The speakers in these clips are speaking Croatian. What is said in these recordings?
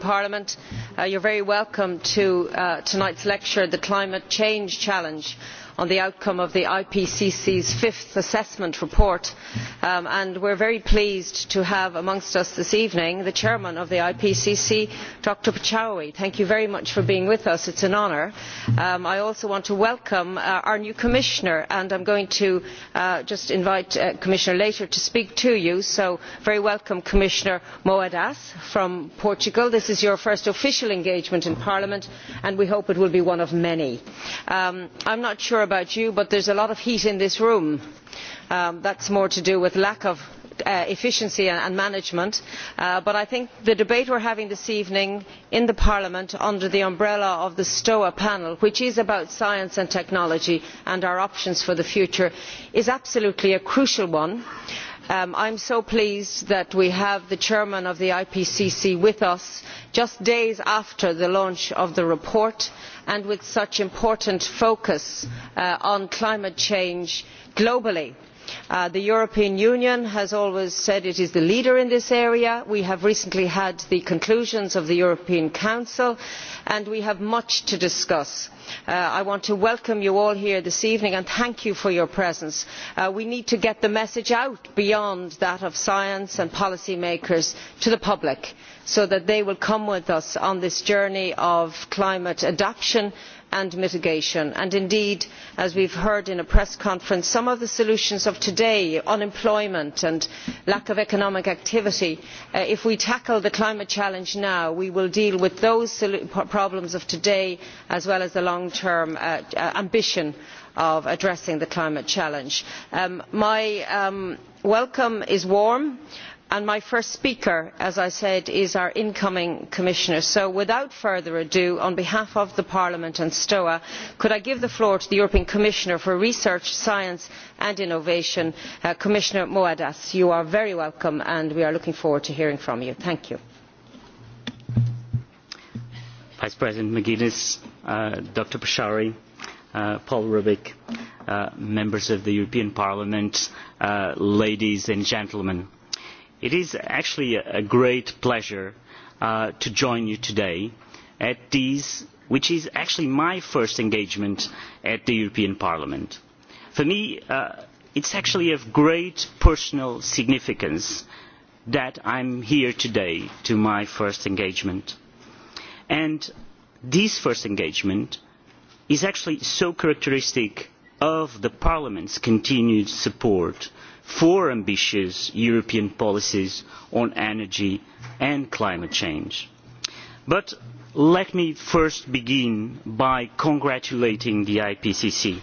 parliament uh, you are very welcome to uh, tonight's lecture the climate change challenge' on the outcome of the ipcc's fifth assessment report um, and we are very pleased to have amongst us this evening the chairman of the ipcc dr pachauri. thank you very much for being with us it is an honour. Um, i also want to welcome uh, our new commissioner and i am going to uh, just invite uh, commissioner later to speak to you so very welcome commissioner moedas from portugal. this is your first official engagement in parliament and we hope it will be one of many. i am um, not sure about you but there is a lot of heat in this room. Um, that is more to do with lack of uh, efficiency and management uh, but i think the debate we are having this evening in parliament under the umbrella of the stoa panel which is about science and technology and our options for the future is absolutely a crucial one i am um, so pleased that we have the chairman of the ipcc with us just days after the launch of the report and with such important focus uh, on climate change globally. Uh, the european union has always said it is the leader in this area we have recently had the conclusions of the european council and we have much to discuss. Uh, i want to welcome you all here this evening and thank you for your presence. Uh, we need to get the message out beyond that of science and policy makers to the public so that they will come with us on this journey of climate adaptation and mitigation and indeed as we have heard in a press conference some of the solutions of today unemployment and lack of economic activity uh, if we tackle the climate challenge now we will deal with those problems of today as well as the long term uh, uh, ambition of addressing the climate challenge. Um, my um, welcome is warm and my first speaker as i said is our incoming commissioner so without further ado on behalf of parliament and stoa could i give the floor to the european commissioner for research science and innovation uh, commissioner moedas. you are very welcome and we are looking forward to hearing from you. thank you. vice president mcguinness uh, dr bashiri uh, paul rubig members of the european parliament ladies and gentlemen it is actually a great pleasure uh, to join you today at this which is actually my first engagement at the european parliament. for me uh, it is actually of great personal significance that i am here today to my first engagement and this first engagement is actually so characteristic of the parliament's continued support for ambitious European policies on energy and climate change. But let me first begin by congratulating the IPCC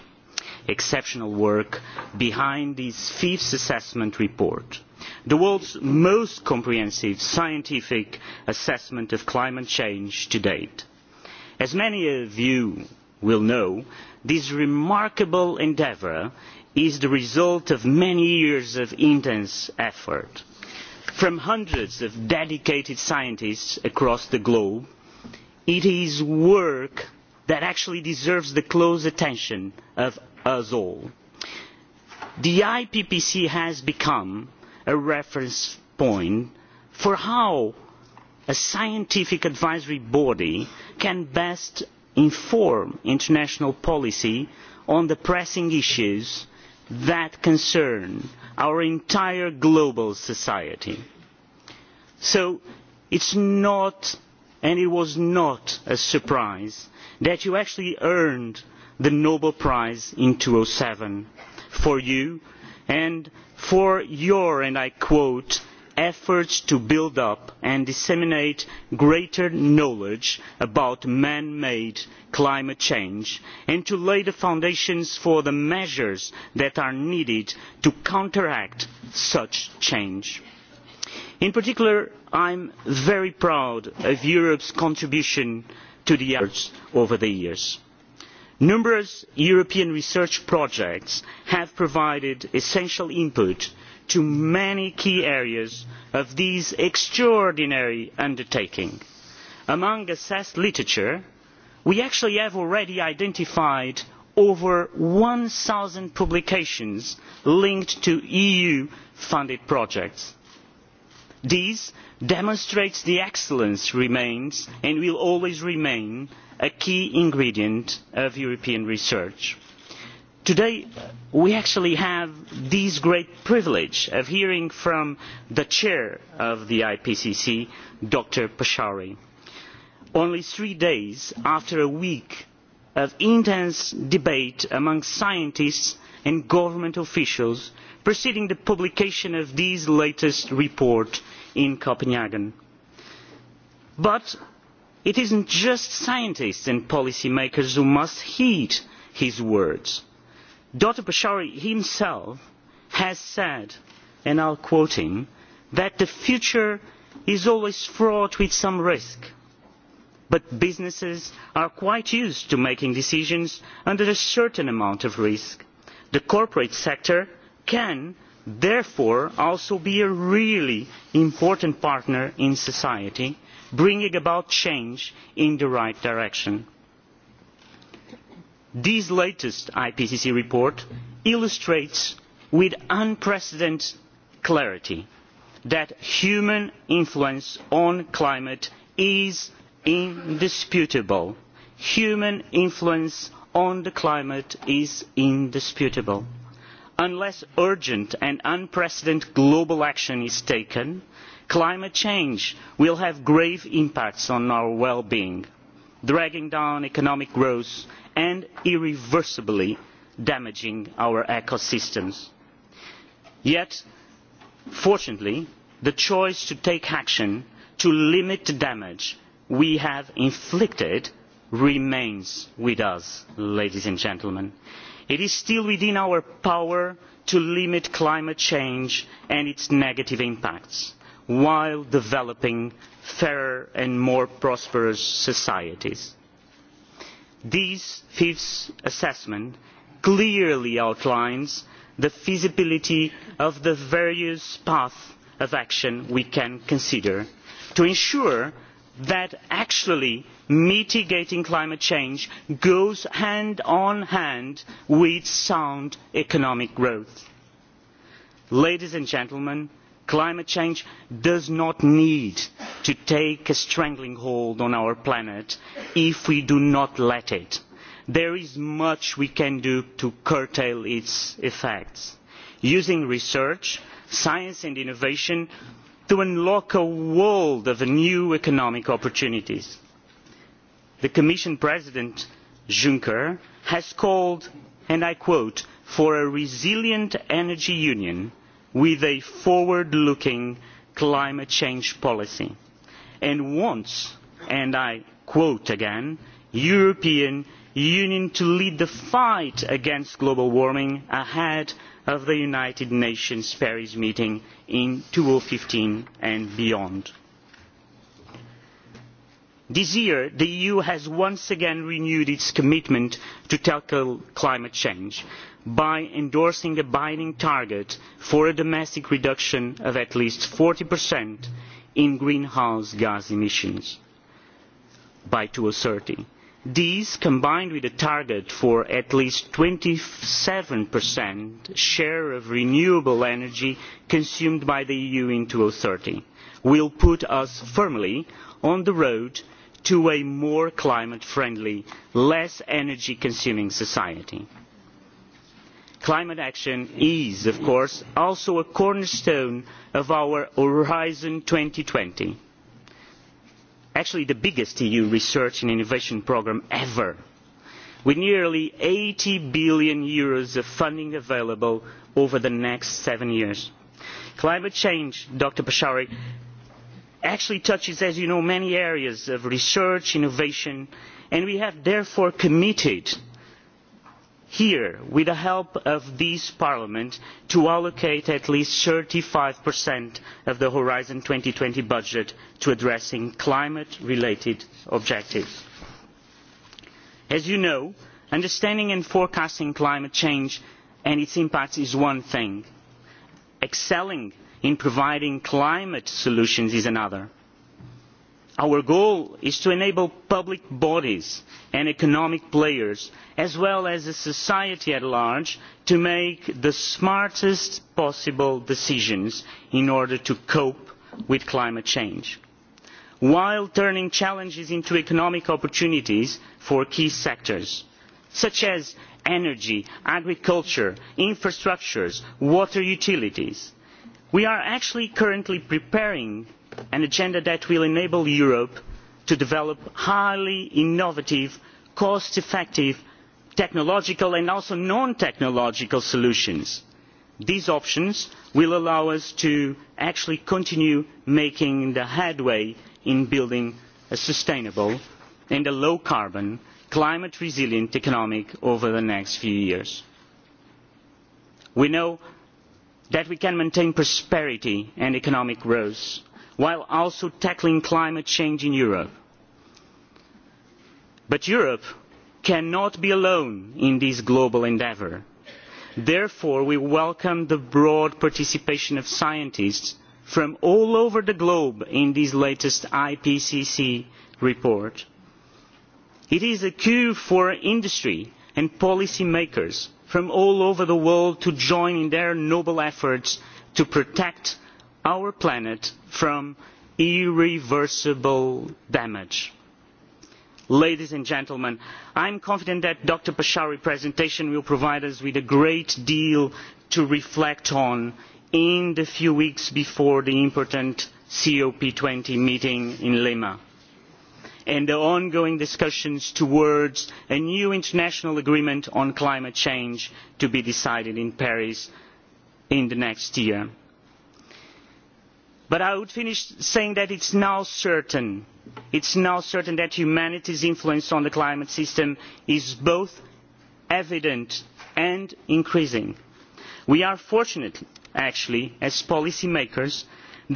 exceptional work behind this fifth assessment report the world's most comprehensive scientific assessment of climate change to date. as many of you will know this remarkable endeavour is the result of many years of intense effort from hundreds of dedicated scientists across the globe. it is work that actually deserves the close attention of us all. the ippc has become a reference point for how a scientific advisory body can best inform international policy on the pressing issues that concern our entire global society. so it is not and it was not a surprise that you actually earned the nobel prize in two thousand oh and seven for you and for your and i quote efforts to build up and disseminate greater knowledge about man made climate change and to lay the foundations for the measures that are needed to counteract such change. in particular i am very proud of europe's contribution to the efforts over the years. numerous european research projects have provided essential input to many key areas of this extraordinary undertaking. among assessed literature we actually have already identified over one thousand publications linked to eu funded projects. this demonstrates that excellence remains and will always remain a key ingredient of european research today we actually have this great privilege of hearing from the chair of the ipcc dr pachauri only three days after a week of intense debate among scientists and government officials preceding the publication of this latest report in copenhagen. but it is not just scientists and policy makers who must heed his words dr bashari himself has said and i quote him that the future is always fraught with some risk but businesses are quite used to making decisions under a certain amount of risk. the corporate sector can therefore also be a really important partner in society bringing about change in the right direction this latest ipcc report illustrates with unprecedented clarity that human influence on climate is indisputable. human influence on the climate is indisputable. unless urgent and unprecedented global action is taken climate change will have grave impacts on our well being dragging down economic growth and irreversibly damaging our ecosystems. yet fortunately the choice to take action to limit the damage we have inflicted remains with us ladies and gentlemen. it is still within our power to limit climate change and its negative impacts while developing fairer and more prosperous societies. this fifth assessment clearly outlines the feasibility of the various paths of action we can consider to ensure that actually mitigating climate change goes hand in hand with sound economic growth. ladies and gentlemen climate change does not need to take a strangling hold on our planet if we do not let it. there is much we can do to curtail its effects using research science and innovation to unlock a world of new economic opportunities. the commission president juncker has called and i quote for a resilient energy union with a forward looking climate change policy and wants and i quote again european union to lead the fight against global warming ahead of the united nations paris meeting in 2015 and beyond this year the eu has once again renewed its commitment to tackle climate change by endorsing a binding target for a domestic reduction of at least 40% in greenhouse gas emissions by two thirty. These, combined with a target for at least twenty seven share of renewable energy consumed by the EU in two thousand thirty, will put us firmly on the road to a more climate friendly, less energy consuming society climate action is of course also a cornerstone of our horizon two twenty actually the biggest eu research and innovation programme ever with nearly eur eighty billion Euros of funding available over the next seven years. climate change dr pachauri actually touches as you know many areas of research innovation and we have therefore committed here with the help of this parliament to allocate at least thirty five of the horizon two thousand and twenty budget to addressing climate related objectives. as you know understanding and forecasting climate change and its impacts is one thing excelling in providing climate solutions is another our goal is to enable public bodies and economic players as well as society at large to make the smartest possible decisions in order to cope with climate change while turning challenges into economic opportunities for key sectors such as energy agriculture infrastructures water utilities. we are actually currently preparing an agenda that will enable europe to develop highly innovative cost effective technological and also non technological solutions. these options will allow us to actually continue making headway in building a sustainable and a low carbon climate resilient economy over the next few years. we know that we can maintain prosperity and economic growth while also tackling climate change in europe. but europe cannot be alone in this global endeavour. therefore we welcome the broad participation of scientists from all over the globe in this latest ipcc report. it is a cue for industry and policy makers from all over the world to join in their noble efforts to protect our planet from irreversible damage. Ladies and gentlemen, I am confident that Dr Pashari's presentation will provide us with a great deal to reflect on in the few weeks before the important COP20 meeting in Lima and the ongoing discussions towards a new international agreement on climate change to be decided in Paris in the next year but i would finish saying that it is now certain it is now certain that humanity's influence on the climate system is both evident and increasing. we are fortunate actually as policy makers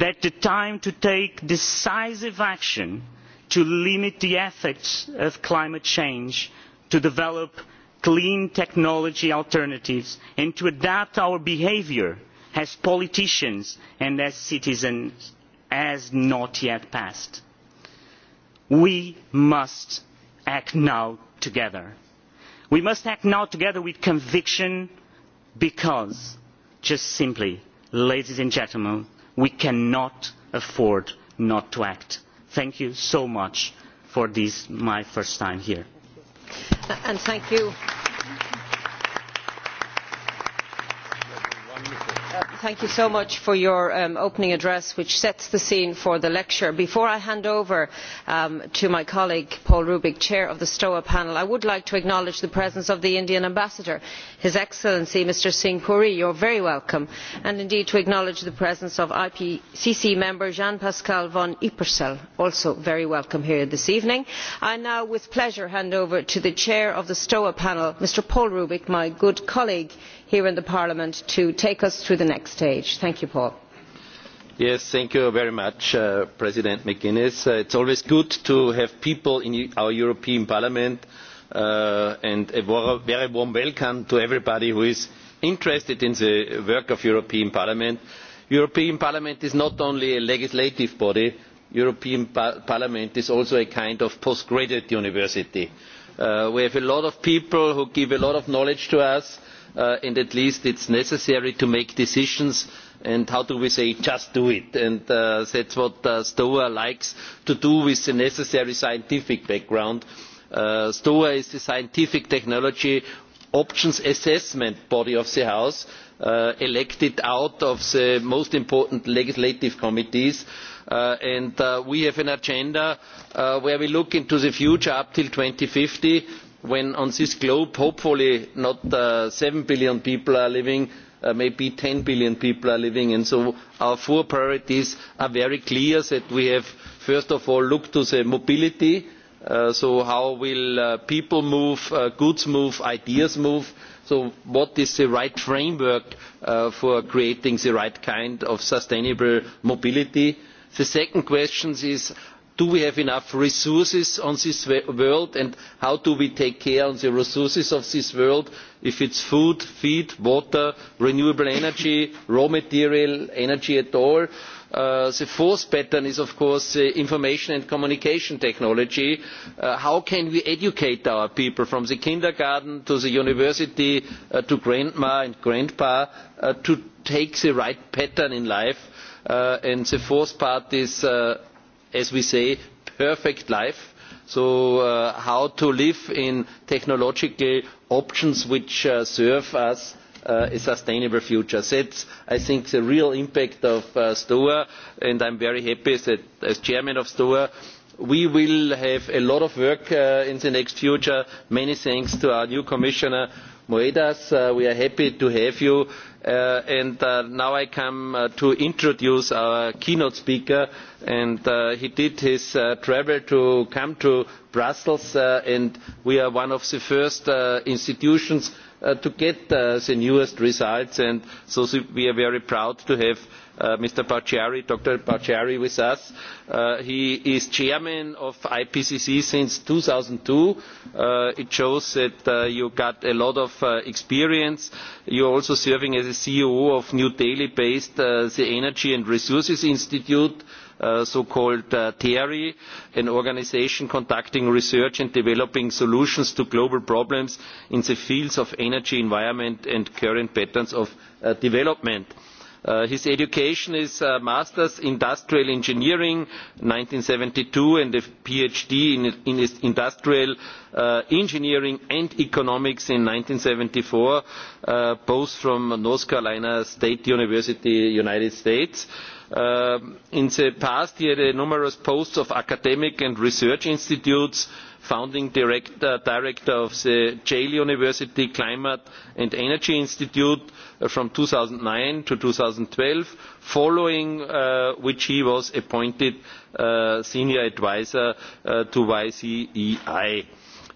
that the time to take decisive action to limit the effects of climate change to develop clean technology alternatives and to adapt our behaviour as politicians and as citizens has not yet passed. we must act now together. we must act now together with conviction because just simply ladies and gentlemen we cannot afford not to act. thank you so much for this my first time here. And thank you thank you so much for your um, opening address which sets the scene for the lecture. before i hand over um, to my colleague paul rubig chair of the stoa panel i would like to acknowledge the presence of the indian ambassador his excellency mr singh puri you are very welcome and indeed to acknowledge the presence of ipcc member jean pascal von ippersel also very welcome here this evening. i now with pleasure hand over to the chair of the stoa panel mr paul rubig my good colleague here in parliament to take us through the next stage. thank you paul. thank you very much uh, president mcguinness. Uh, it is always good to have people in our european parliament uh, and a very warm welcome to everybody who is interested in the work of the european parliament. the european parliament is not only a legislative body the european pa-, parliament is also a kind of post graduate university. we have a lot of people who give a lot of knowledge to us Uh, and at least it is necessary to make decisions and how do we say just do it and uh, that what uh, stoa likes to do with the necessary scientific background stoa is the scientific technology options assessment body of the house elected out of the most important legislative committees and we have an agenda where we look into the future up till 2050 when on this globe hopefully not uh, seven billion people are living uh, maybe 10 billion people are living so our four priorities are very clear that we have first of all looked to the mobility uh, so how will people move goods move ideas move so what is the right framework for creating the right kind of sustainable mobility the second question is do we have enough resources on this world and how do we take care of the resources of this world if it is food feed water renewable energy raw material energy at all? Uh, the fourth pattern is of course information and communication technology. Uh, how can we educate our people from the kindergarten to the university uh, to grandma and grandpa to take the right pattern in life? and the fourth part is as we say perfect life so uh, how to live in technological options which uh, serve us uh, a sustainable future. is, I think, the real impact of STOA, and I am very happy that as chairman of STOA, we will have a lot of work in the next future. Many thanks to our new commissioner, Moedas. We are happy to have you Uh, and uh, now i come uh, to introduce our keynote speaker and he did his travel to come to brussels and we are one of the first institutions to get the newest results and so we are very proud to have Uh, Mr Paciari, Dr with us. Uh, he is chairman of IPCC since 2002. two. Uh, it shows that you got a lot of experience. You are also serving as a CEO of New Delhi based the Energy and Resources Institute so called TERI, an organisation conducting research and developing solutions to global problems in the fields of energy, environment and current patterns of development. Uh, his education is a uh, Masters Industrial Engineering, hundred and a PhD in, Industrial uh, Engineering and Economics in seventy four, both from North Carolina State University, United States. Um, in the past he had numerous posts of academic and research institutes founding director, of the Jail University Climate and Energy Institute uh, from 2009 to 2012 following uh, which he was appointed uh, senior adviser to YCEI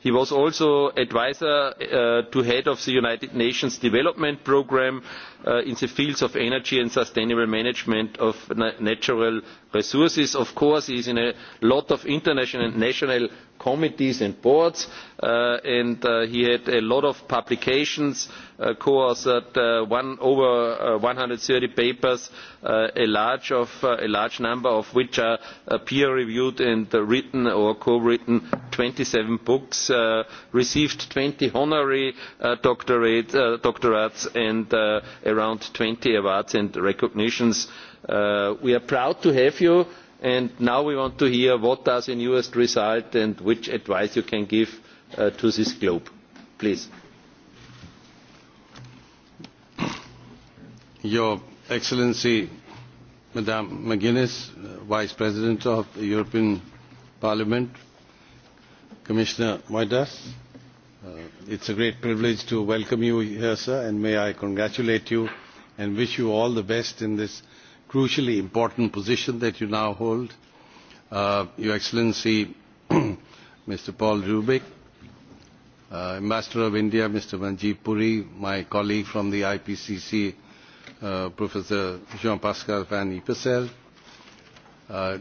he was also advisor to head of the united nations development programme Uh, in the fields of energy and sustainable management of natural resources. Of course, he is in a lot of international and national committees and boards, uh, and uh, he had a lot of publications, co-authored one, over 130 papers, a large, of, a large number of which are peer-reviewed and written or co-written, 27 books, received 20 honorary doctorates, and around 20 awards and recognitions. Uh, we are proud to have you and now we want to hear what does the newest result and which advice you can give uh, to this globe. Please. Your Excellency, Madam McGuinness, uh, Vice President of the European Parliament, Commissioner Moedas, Uh, It is a great privilege to welcome you here, sir, and may I congratulate you and wish you all the best in this crucially important position that you now hold. Uh, Your Excellency, Mr. Paul Rubik, uh, Ambassador of India, Mr. Manjeev Puri, my colleague from the IPCC, uh, Professor Jean-Pascal Van Ypersel,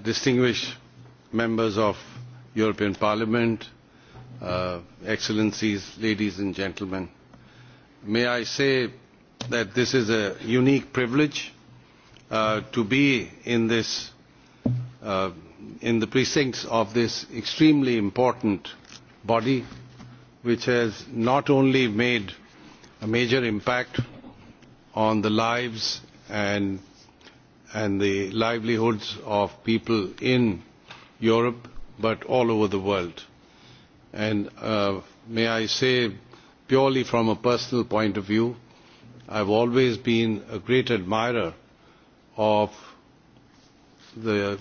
distinguished members of European Parliament, Uh, Excellencies, ladies and gentlemen. May I say that this is a unique privilege uh, to be in this uh, in the precincts of this extremely important body which has not only made a major impact on the lives and and the livelihoods of people in Europe but all over the world and uh, may I say purely from a personal point of view, I have always been a great admirer of the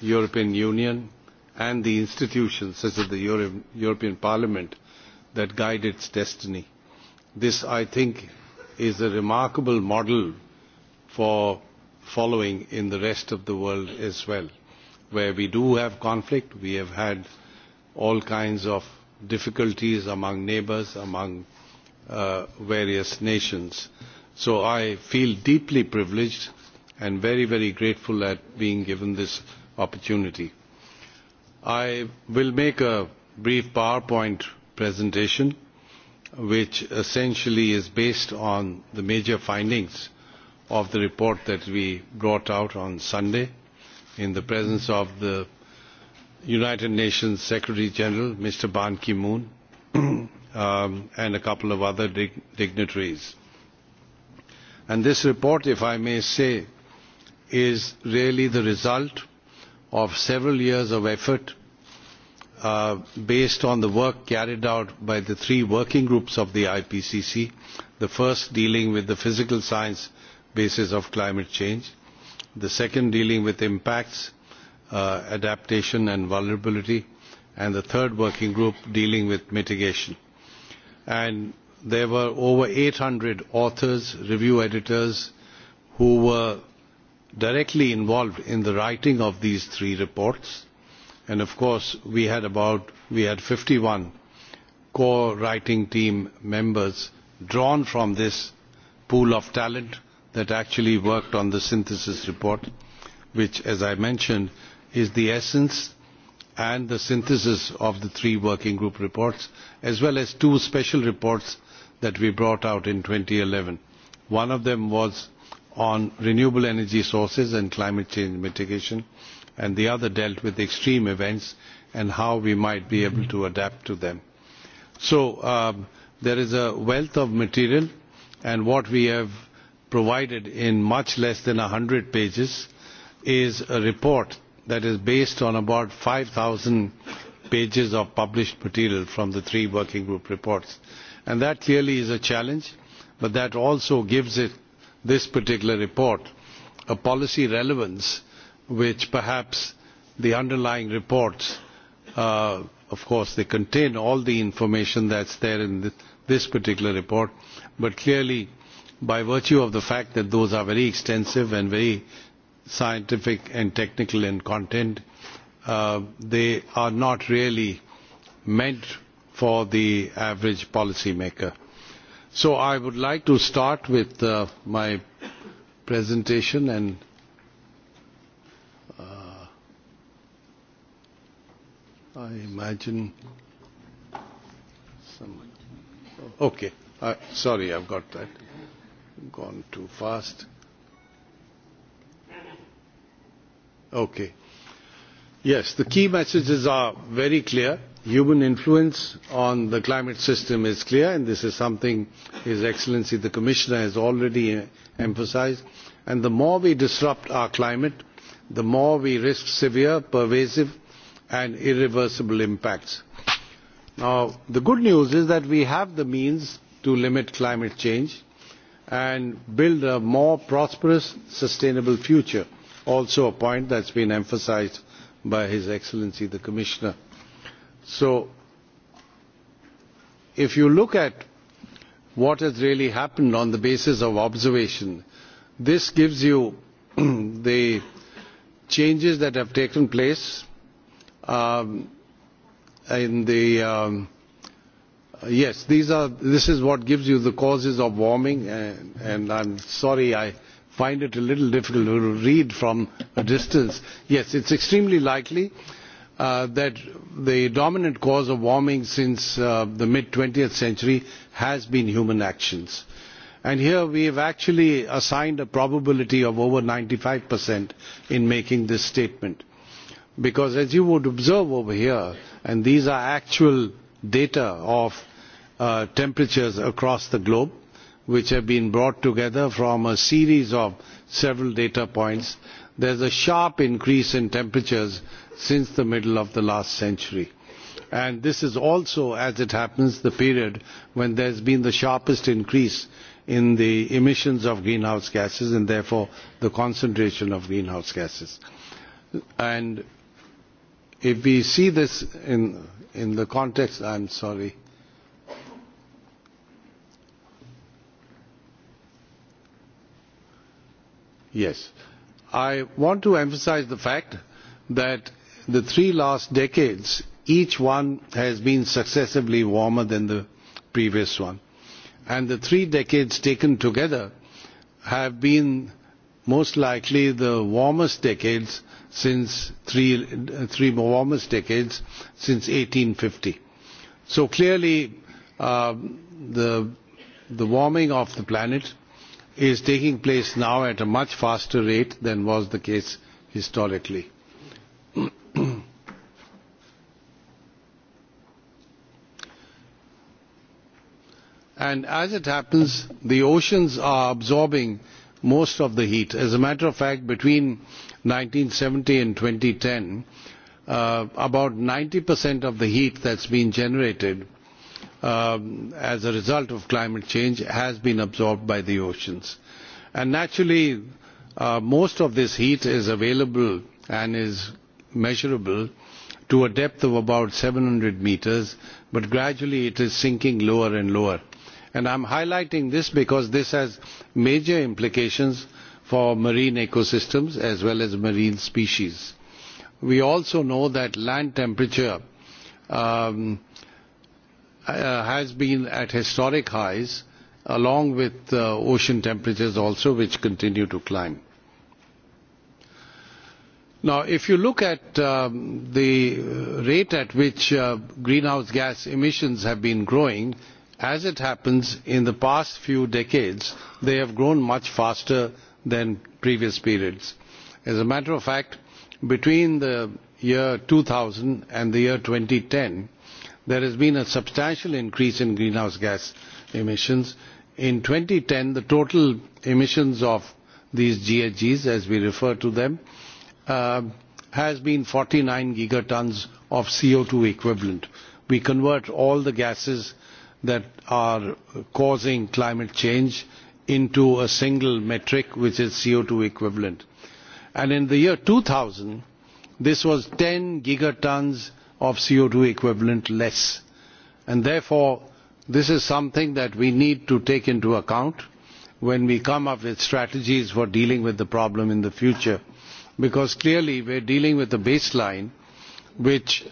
European Union and the institutions such as the European Parliament that guide its destiny. This, I think, is a remarkable model for following in the rest of the world as well, where we do have conflict. We have had all kinds of difficulties among neighbours, among uh, various nations. So I feel deeply privileged and very, very grateful at being given this opportunity. I will make a brief PowerPoint presentation which essentially is based on the major findings of the report that we brought out on Sunday in the presence of the United Nations Secretary General, Mr. Ban Ki-moon, um, and a couple of other dignitaries. And this report, if I may say, is really the result of several years of effort uh, based on the work carried out by the three working groups of the IPCC, the first dealing with the physical science basis of climate change, the second dealing with impacts Uh, adaptation and vulnerability and the third working group dealing with mitigation. And there were over 800 authors, review editors who were directly involved in the writing of these three reports and of course we had about we had 51 core writing team members drawn from this pool of talent that actually worked on the synthesis report which as I mentioned is the essence and the synthesis of the three working group reports as well as two special reports that we brought out in 2011 one of them was on renewable energy sources and climate change mitigation and the other dealt with extreme events and how we might be able to adapt to them so um, there is a wealth of material and what we have provided in much less than 100 pages is a report that is based on about 5,000 pages of published material from the three working group reports. And that clearly is a challenge, but that also gives it, this particular report a policy relevance which perhaps the underlying reports, uh, of course, they contain all the information that's there in this particular report, but clearly by virtue of the fact that those are very extensive and very scientific and technical in content. Uh, they are not really meant for the average policymaker. So I would like to start with uh, my presentation and uh, I imagine some Okay, uh, sorry, I've got that gone too fast. Okay. Yes, the key messages are very clear. Human influence on the climate system is clear, and this is something His Excellency the Commissioner has already uh, emphasized. And the more we disrupt our climate, the more we risk severe, pervasive, and irreversible impacts. Now, the good news is that we have the means to limit climate change and build a more prosperous, sustainable future also a point that has been emphasised by his excellency the commissioner. so if you look at what has really happened on the basis of observation this gives you the changes that have taken place um, in the um, yes these are this is what gives you the causes of warming and, and i'm sorry i find it a little difficult to read from a distance. Yes, it's extremely likely uh, that the dominant cause of warming since uh, the mid 20th century has been human actions. And here we have actually assigned a probability of over 95% in making this statement. Because as you would observe over here, and these are actual data of uh, temperatures across the globe, which have been brought together from a series of several data points, there is a sharp increase in temperatures since the middle of the last century. And this is also, as it happens, the period when there has been the sharpest increase in the emissions of greenhouse gases and therefore the concentration of greenhouse gases. And if we see this in, in the context, I'm sorry, Yes. I want to emphasise the fact that the three last decades, each one has been successively warmer than the previous one. And the three decades taken together have been most likely the warmest decades since three, three warmest decades since 1850. So clearly, um, the, the warming of the planet is taking place now at a much faster rate than was the case historically. and as it happens the oceans are absorbing most of the heat. as a matter of fact between 1970 and 2010 and uh, about 90 of the heat that's been generated Um, as a result of climate change has been absorbed by the oceans. And naturally, uh, most of this heat is available and is measurable to a depth of about 700 meters, but gradually it is sinking lower and lower. And I'm highlighting this because this has major implications for marine ecosystems as well as marine species. We also know that land temperature um, Uh, has been at historic highs along with uh, ocean temperatures also which continue to climb. Now, if you look at um, the rate at which uh, greenhouse gas emissions have been growing, as it happens in the past few decades, they have grown much faster than previous periods. As a matter of fact, between the year 2000 and the year 2010, there has been a substantial increase in greenhouse gas emissions. in two thousand and ten the total emissions of these ghgs as we refer to them uh, has been forty nine gigatons of co two equivalent. we convert all the gases that are causing climate change into a single metric which is co two equivalent. And in the year two thousand this was ten gigatons of CO2 equivalent less. And therefore, this is something that we need to take into account when we come up with strategies for dealing with the problem in the future. Because clearly we are dealing with a baseline which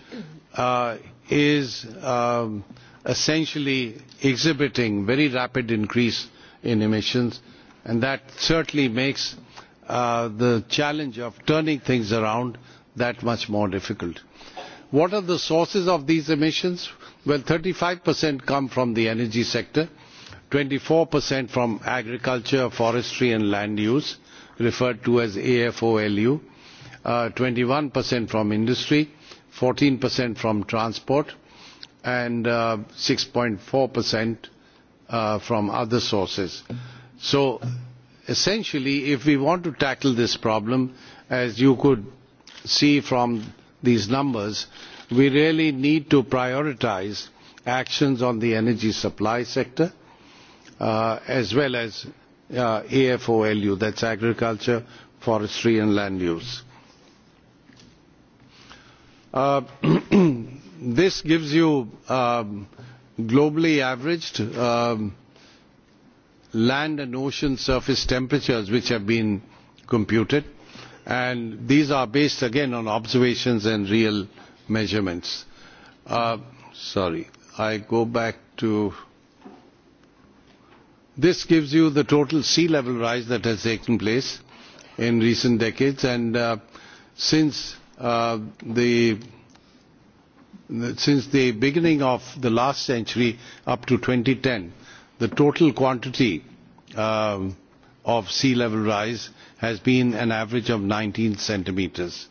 uh, is um, essentially exhibiting very rapid increase in emissions and that certainly makes uh, the challenge of turning things around that much more difficult what are the sources of these emissions? well thirty five come from the energy sector twenty four from agriculture forestry and land use referred to as afolu uh, twenty one from industry fourteen from transport and uh, six four uh, from other sources. so essentially if we want to tackle this problem as you could see from these numbers, we really need to prioritize actions on the energy supply sector uh, as well as uh, AFOLU AFOLU, that's agriculture, forestry and land use. Uh, this gives you um, globally averaged um, land and ocean surface temperatures which have been computed and these are based again on observations and real measurements. Uh, sorry, I go back to this gives you the total sea level rise that has taken place in recent decades and uh, since uh, the since the beginning of the last century up to 2010 the total quantity um, of sea level rise has been an average of 19 centimetres.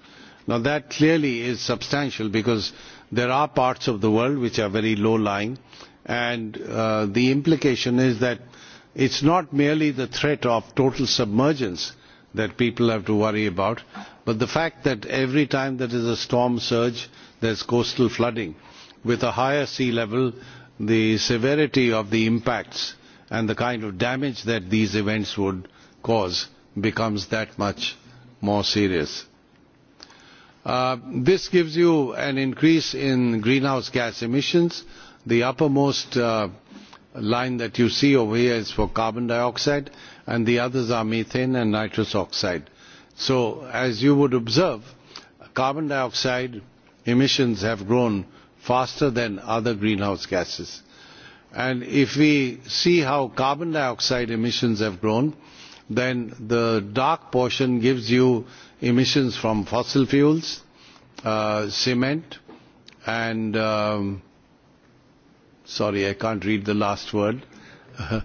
Now that clearly is substantial because there are parts of the world which are very low-lying and uh, the implication is that it is not merely the threat of total submergence that people have to worry about, but the fact that every time there is a storm surge, there is coastal flooding. With a higher sea level, the severity of the impacts and the kind of damage that these events would cause becomes that much more serious. Uh, this gives you an increase in greenhouse gas emissions. The uppermost uh, line that you see over here is for carbon dioxide and the others are methane and nitrous oxide. So as you would observe, carbon dioxide emissions have grown faster than other greenhouse gases. And if we see how carbon dioxide emissions have grown, then the dark portion gives you emissions from fossil fuels, uh, cement, and um, sorry, I can't read the last word.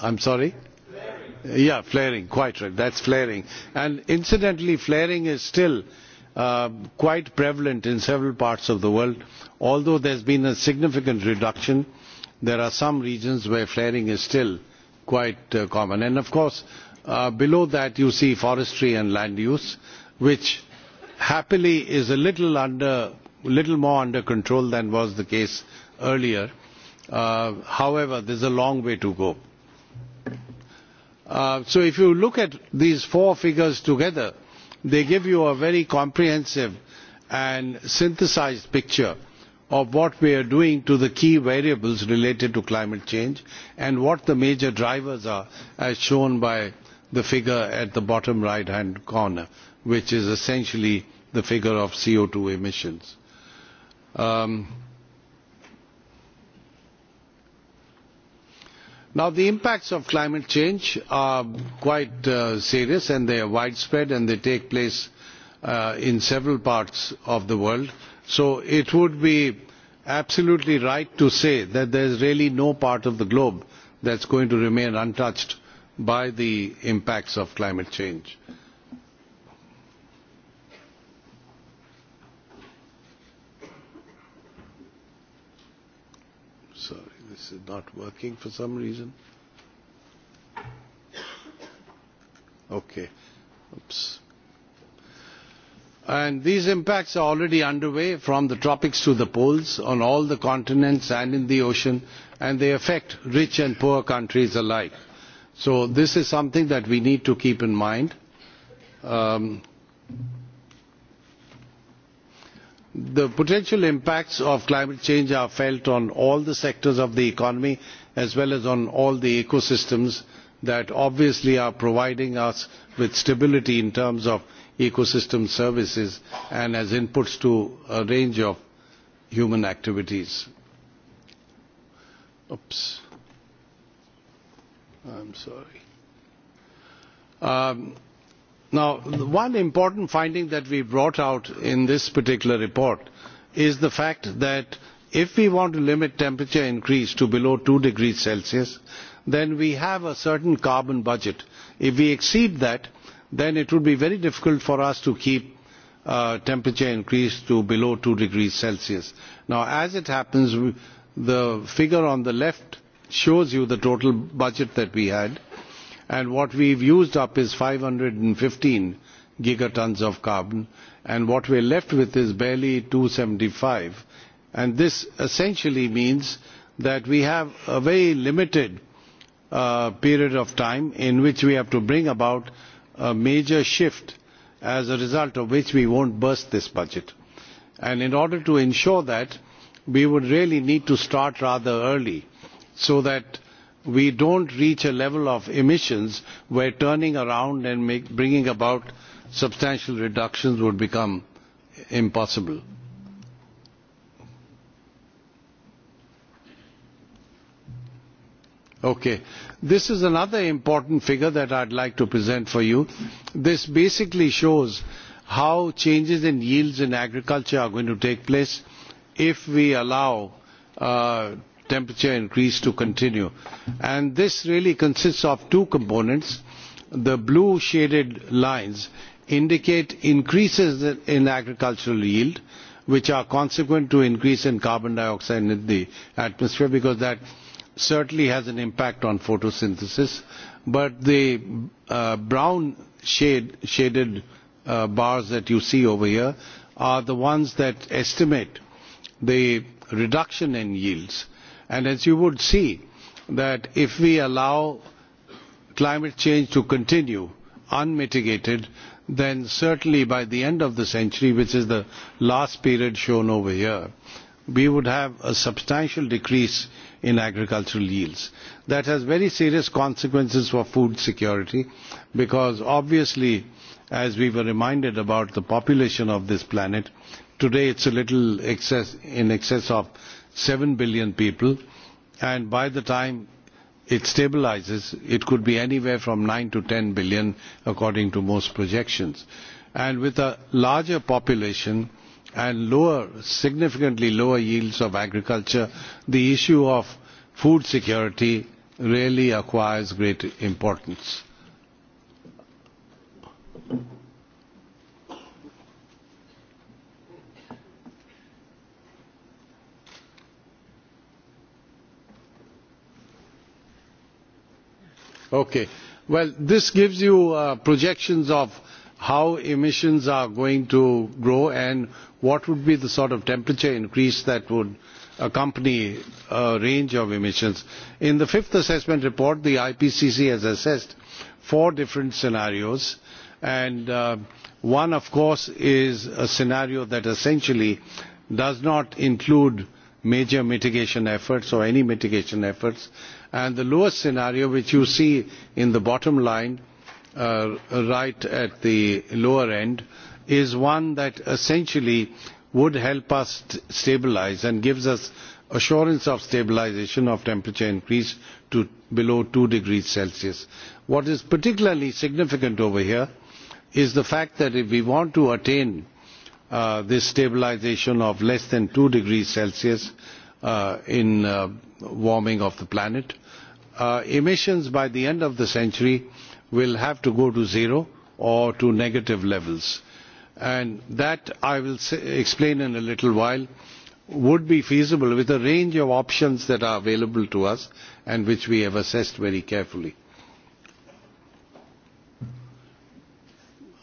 I'm sorry? Flaring. Yeah, flaring, quite right. That's flaring. And incidentally, flaring is still uh, quite prevalent in several parts of the world. Although there's been a significant reduction, there are some regions where flaring is still quite uh, common. And of course, uh, below that you see forestry and land use, which happily is a little under, little more under control than was the case earlier. Uh, however, there's a long way to go. Uh, so if you look at these four figures together, they give you a very comprehensive and synthesized picture of what we are doing to the key variables related to climate change and what the major drivers are as shown by the figure at the bottom right hand corner which is essentially the figure of CO2 emissions. Um, now the impacts of climate change are quite uh, serious and they are widespread and they take place uh, in several parts of the world so it would be absolutely right to say that there is really no part of the globe that is going to remain untouched by the impacts of climate change. Sorry, this is not working for some reason. Okay. Oops and these impacts are already underway from the tropics to the poles on all the continents and in the ocean and they affect rich and poor countries alike. so this is something that we need to keep in mind. Um, the potential impacts of climate change are felt on all the sectors of the economy as well as on all the ecosystems that obviously are providing us with stability in terms of ecosystem services and as inputs to a range of human activities. Oops. I'm sorry. Um, now, one important finding that we brought out in this particular report is the fact that if we want to limit temperature increase to below 2 degrees Celsius, then we have a certain carbon budget. If we exceed that, then it would be very difficult for us to keep uh, temperature increase to below two degrees Celsius. Now, as it happens, the figure on the left shows you the total budget that we had, and what we have used up is five hundred and fifteen gigatons of carbon, and what we are left with is barely two 275. And this essentially means that we have a very limited uh, period of time in which we have to bring about a major shift as a result of which we won't burst this budget. And in order to ensure that, we would really need to start rather early so that we don't reach a level of emissions where turning around and make, bringing about substantial reductions would become impossible. Okay. This is another important figure that I'd like to present for you. This basically shows how changes in yields in agriculture are going to take place if we allow uh, temperature increase to continue. And this really consists of two components. The blue shaded lines indicate increases in agricultural yield, which are consequent to increase in carbon dioxide in the atmosphere because that certainly has an impact on photosynthesis but the uh, brown shaded uh, bars that you see over here are the ones that estimate the reduction in yields and as you would see that if we allow climate change to continue unmitigated then certainly by the end of the century which is the last period shown over here we would have a substantial decrease in agricultural yields. That has very serious consequences for food security because obviously, as we were reminded about the population of this planet, today it's a little excess, in excess of 7 billion people and by the time it stabilizes, it could be anywhere from 9 to 10 billion according to most projections. And with a larger population, and lower, significantly lower yields of agriculture, the issue of food security really acquires great importance. Okay. Well, this gives you uh, projections of how emissions are going to grow and what would be the sort of temperature increase that would accompany a range of emissions. In the fifth assessment report, the IPCC has assessed four different scenarios and uh, one of course is a scenario that essentially does not include major mitigation efforts or any mitigation efforts and the lowest scenario which you see in the bottom line uh, right at the lower end is one that essentially would help us stabilise and gives us assurance of stabilisation of temperature increase to below two degrees Celsius. What is particularly significant over here is the fact that if we want to attain uh, this stabilisation of less than two degrees Celsius uh, in uh, warming of the planet, emissions by the end of the century will have to go to zero or to negative levels and that i will explain in a little while would be feasible with a range of options that are available to us and which we have assessed very carefully.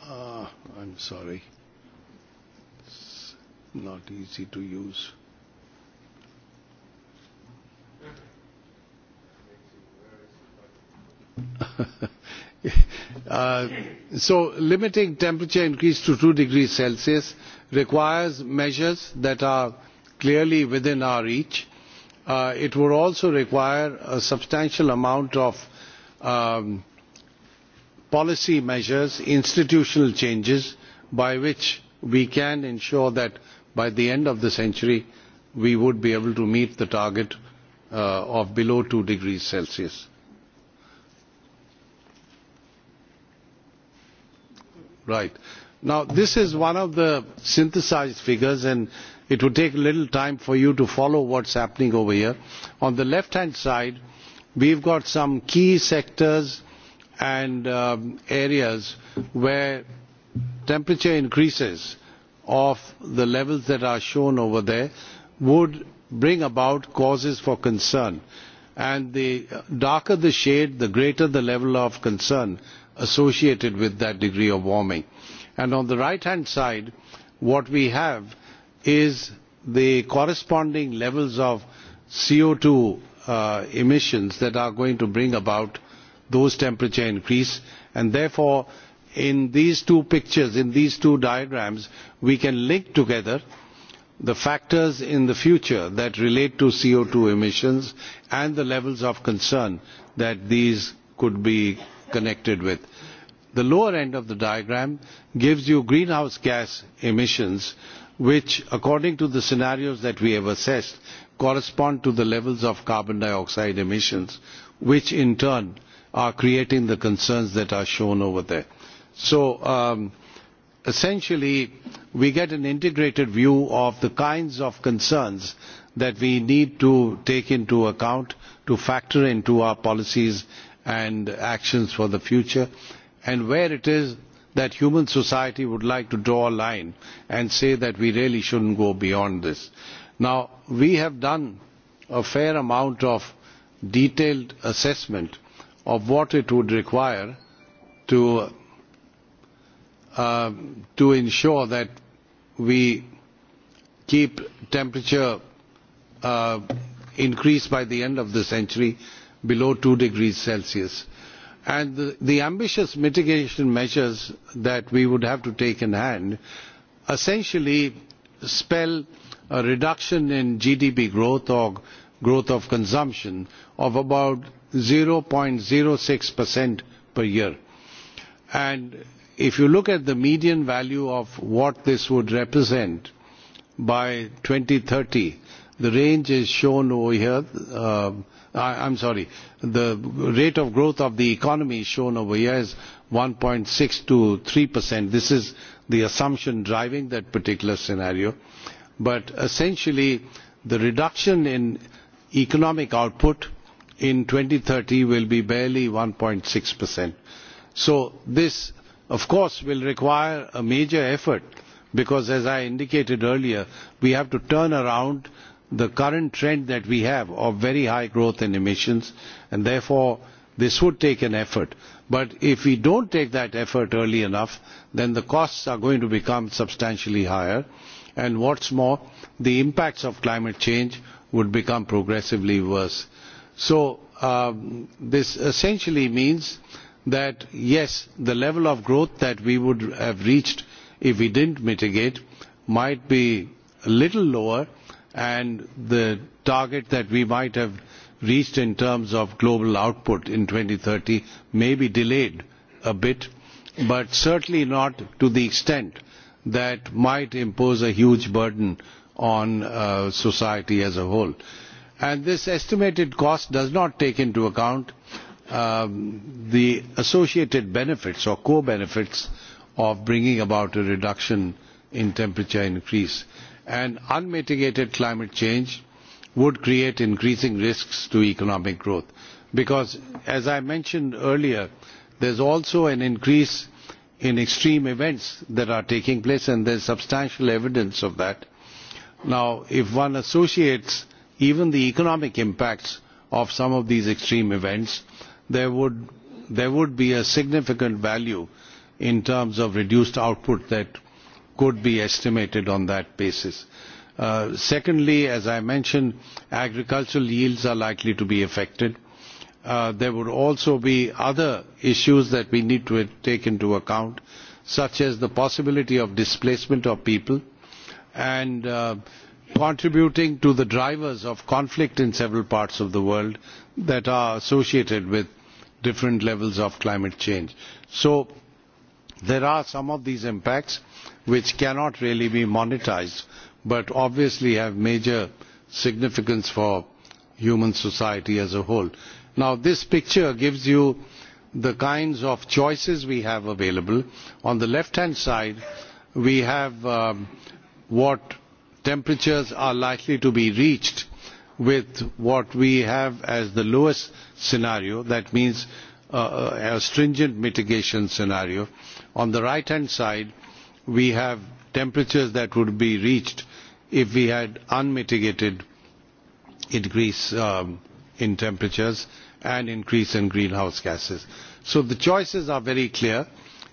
Ah, I'm sorry. not easy to use. Uh, so limiting temperature increase to two degrees celsius requires measures that are clearly within our reach. Uh, it would also require a substantial amount of um, policy measures institutional changes by which we can ensure that by the end of the century we would be able to meet the target uh, of below two degrees celsius. right. now this is one of the synthesised figures and it would take a little time for you to follow what is happening over here. on the left hand side we have got some key sectors and um, areas where temperature increases of the levels that are shown over there would bring about causes for concern and the darker the shade the greater the level of concern associated with that degree of warming. And on the right hand side, what we have is the corresponding levels of CO2 uh, emissions that are going to bring about those temperature increase and therefore in these two pictures, in these two diagrams, we can link together the factors in the future that relate to CO2 emissions and the levels of concern that these could be connected with. The lower end of the diagram gives you greenhouse gas emissions which according to the scenarios that we have assessed correspond to the levels of carbon dioxide emissions which in turn are creating the concerns that are shown over there. So um, essentially we get an integrated view of the kinds of concerns that we need to take into account to factor into our policies and actions for the future and where it is that human society would like to draw a line and say that we really shouldn't go beyond this. Now, we have done a fair amount of detailed assessment of what it would require to, uh, ensure that we keep temperature uh, increased by the end of the century below 2 degrees celsius and the, the ambitious mitigation measures that we would have to take in hand essentially spell a reduction in gdp growth or growth of consumption of about 0.06% per year and if you look at the median value of what this would represent by 2030 The range is shown over here. Um, I, I'm sorry. The rate of growth of the economy shown over here is 1.6 to 3%. This is the assumption driving that particular scenario. But essentially, the reduction in economic output in 2030 will be barely 1.6%. So this, of course, will require a major effort because as I indicated earlier, we have to turn around the current trend that we have of very high growth in emissions and therefore this would take an effort but if we do not take that effort early enough then the costs are going to become substantially higher and what is more the impacts of climate change would become progressively worse. so um, this essentially means that yes the level of growth that we would have reached if we did not mitigate might be a little lower and the target that we might have reached in terms of global output in 2030 may be delayed a bit, but certainly not to the extent that might impose a huge burden on uh, society as a whole. And this estimated cost does not take into account um, the associated benefits or co-benefits of bringing about a reduction in temperature increase and unmitigated climate change would create increasing risks to economic growth because as i mentioned earlier there is also an increase in extreme events that are taking place and there is substantial evidence of that. now if one associates even the economic impacts of some of these extreme events there would, there would be a significant value in terms of reduced output that could be estimated on that basis. Uh, secondly, as I mentioned, agricultural yields are likely to be affected. Uh, there would also be other issues that we need to take into account, such as the possibility of displacement of people and uh, contributing to the drivers of conflict in several parts of the world that are associated with different levels of climate change. So there are some of these impacts which cannot really be monetized but obviously have major significance for human society as a whole. Now this picture gives you the kinds of choices we have available. On the left hand side we have um, what temperatures are likely to be reached with what we have as the lowest scenario, that means uh, uh a stringent mitigation scenario. On the right hand side we have temperatures that would be reached if we had unmitigated increase um, in temperatures and increase in greenhouse gases. So the choices are very clear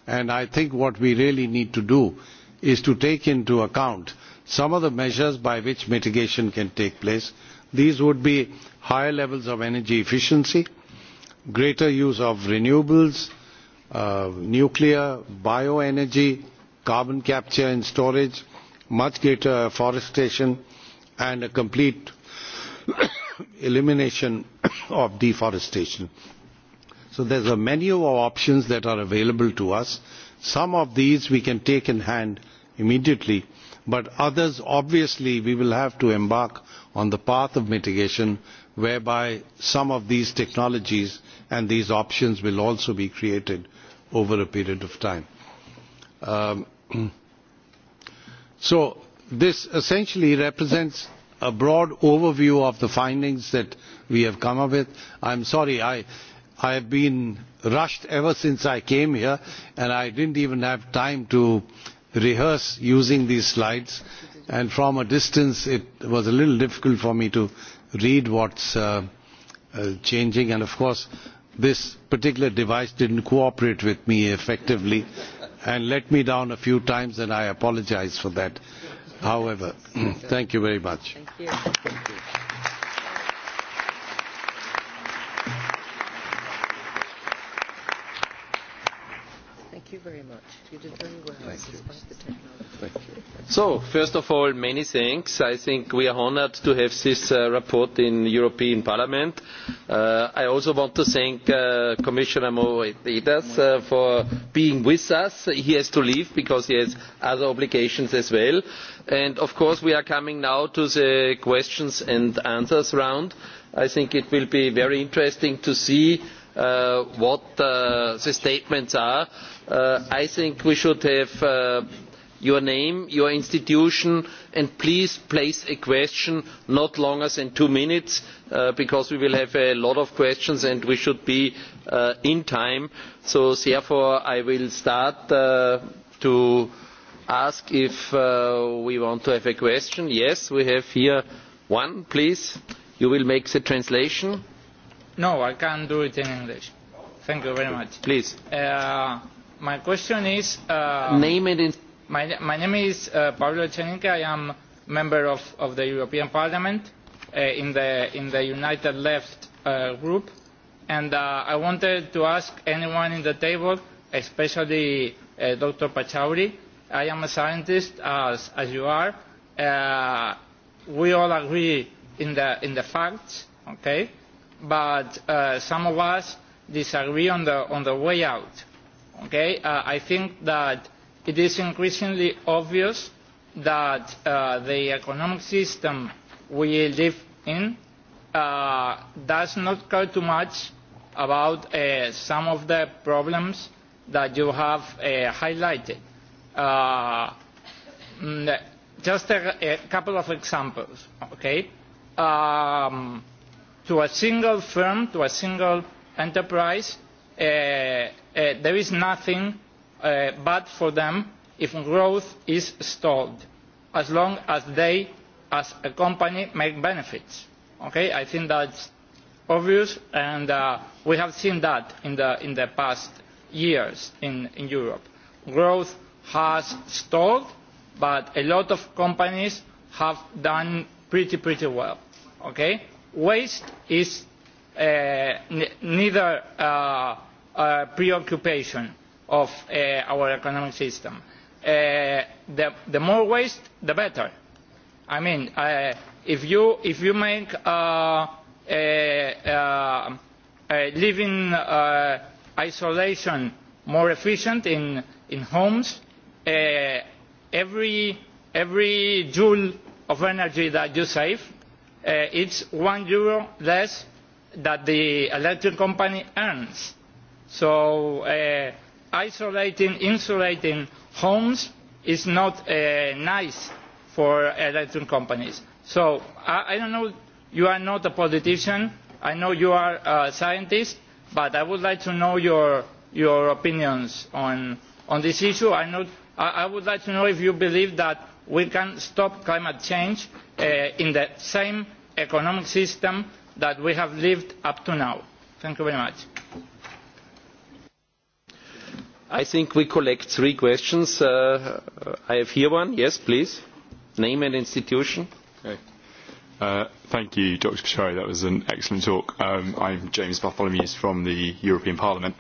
and I think what we really need to do is to take into account some of the measures by which mitigation can take place. These would be higher levels of energy efficiency, greater use of renewables, uh, nuclear, bioenergy, carbon capture and storage much greater afforestation and a complete elimination of deforestation. so there a menu of options that are available to us. some of these we can take in hand immediately but others obviously we will have to embark on the path of mitigation whereby some of these technologies and these options will also be created over a period of time. Um, so this essentially represents a broad overview of the findings that we have come up with. i am sorry i have been rushed ever since i came here and i did not even have time to rehearse using these slides and from a distance it was a little difficult for me to read what is uh, uh, changing and of course this particular device did not cooperate with me effectively and let me down a few times and I apologize for that. However, thank you very much. very much. You did very well Thank you. the Thank you. So, first of all, many thanks. I think we are honored to have this uh, report in European Parliament. Uh, I also want to thank uh, Commissioner Moedas uh, for being with us. He has to leave because he has other obligations as well. And of course, we are coming now to the questions and answers round. I think it will be very interesting to see Uh, what uh, the statements are. Uh, I think we should have your name, your institution, and please place a question not longer than two minutes, because we will have a lot of questions and we should be in time. So therefore I will start to ask if we want to have a question. Yes, we have here one, please. You will make the translation. No, I can't do it in English. Thank you very much. Please. Uh, my question is... Uh, name it in... My, my name is uh, Pablo Echenique. I am member of, of the European Parliament uh, in, the, in the United Left uh, group. And uh, I wanted to ask anyone in the table, especially uh, Dr. Pachauri, I am a scientist as, as you are. Uh, we all agree in the, in the facts, okay? but uh, some of us disagree on the, on the way out. Okay? Uh, I think that it is increasingly obvious that uh, the economic system we live in does not care too much about some of the problems that you have highlighted. Mm, just a, a couple of examples. Okay? Um, to a single firm to a single enterprise uh, uh, there is nothing uh, bad for them if growth is stalled as long as they as a company make benefits. Okay? i think that is obvious and we have seen that in the, in the past years in, in europe. growth has stalled but a lot of companies have done pretty pretty well. Okay? waste is uh, neither uh, a preoccupation of uh, our economic system. The, more waste the better. I mean if you if you make living isolation more efficient in in homes every every joule of energy that you save Uh, it is one euro less that the electric company earns. so uh, isolating insulating homes is not uh, nice for electric companies. so i do know you are not a politician i know you are a scientist but i would like to know your, your opinions on, on this issue. I would like to know if you believe that we can stop climate change Uh, in the same economic system that we have lived up to now. Thank you very much. I think we collect three questions. Uh, uh, I have here one. Yes, please. Name and institution. Okay. thank you, Dr. Kashari. That was an excellent talk. Um, I'm James Bartholomew from the European Parliament.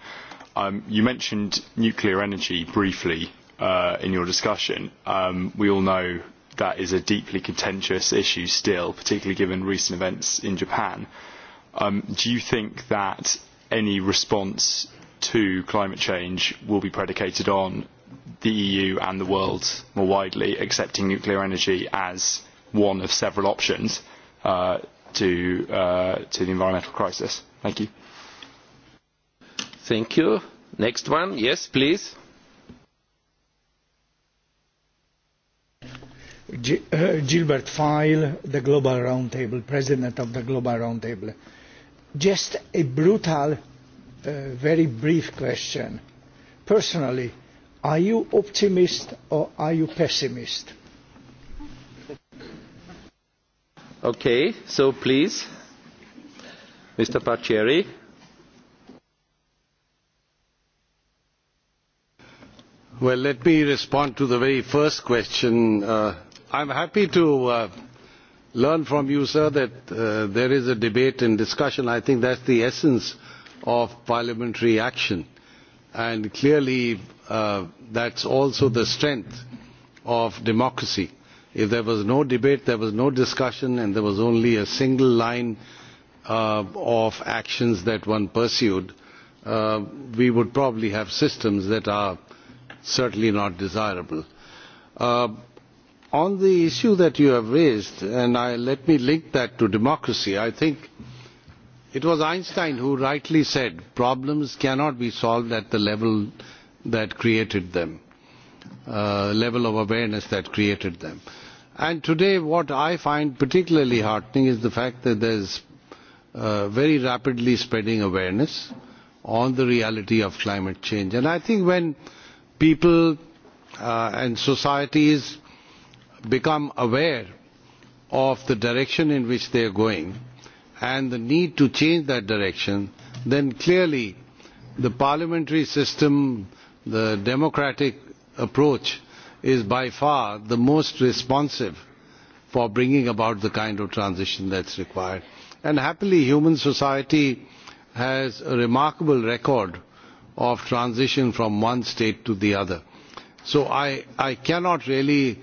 Um, you mentioned nuclear energy briefly in your discussion. Um, we all know that is a deeply contentious issue still, particularly given recent events in Japan. Um, do you think that any response to climate change will be predicated on the EU and the world more widely accepting nuclear energy as one of several options uh, to, uh, to the environmental crisis? Thank you. Thank you. Next one. Yes, please. Uh, Gilbert File, the Global Roundtable, President of the Global Roundtable. Just a brutal, uh, very brief question. Personally, are you optimist or are you pessimist? Okay, so please, Mr. Pacieri. Well, let me respond to the very first question. Uh, i am happy to uh, learn from you sir that uh, there is a debate and discussion. i think that is the essence of parliamentary action and clearly uh, that is also the strength of democracy. if there was no debate there was no discussion and there was only a single line of actions that one pursued we would probably have systems that are certainly not desirable on the issue that you have raised and I, let me link that to democracy i think it was einstein who rightly said problems cannot be solved at the level that created them uh, level of awareness that created them and today what i find particularly heartening is the fact that there is uh, very rapidly spreading awareness on the reality of climate change and i think when people uh, and societies become aware of the direction in which they are going and the need to change that direction, then clearly the parliamentary system, the democratic approach is by far the most responsive for bringing about the kind of transition that is required. And happily, human society has a remarkable record of transition from one state to the other. So I, I cannot really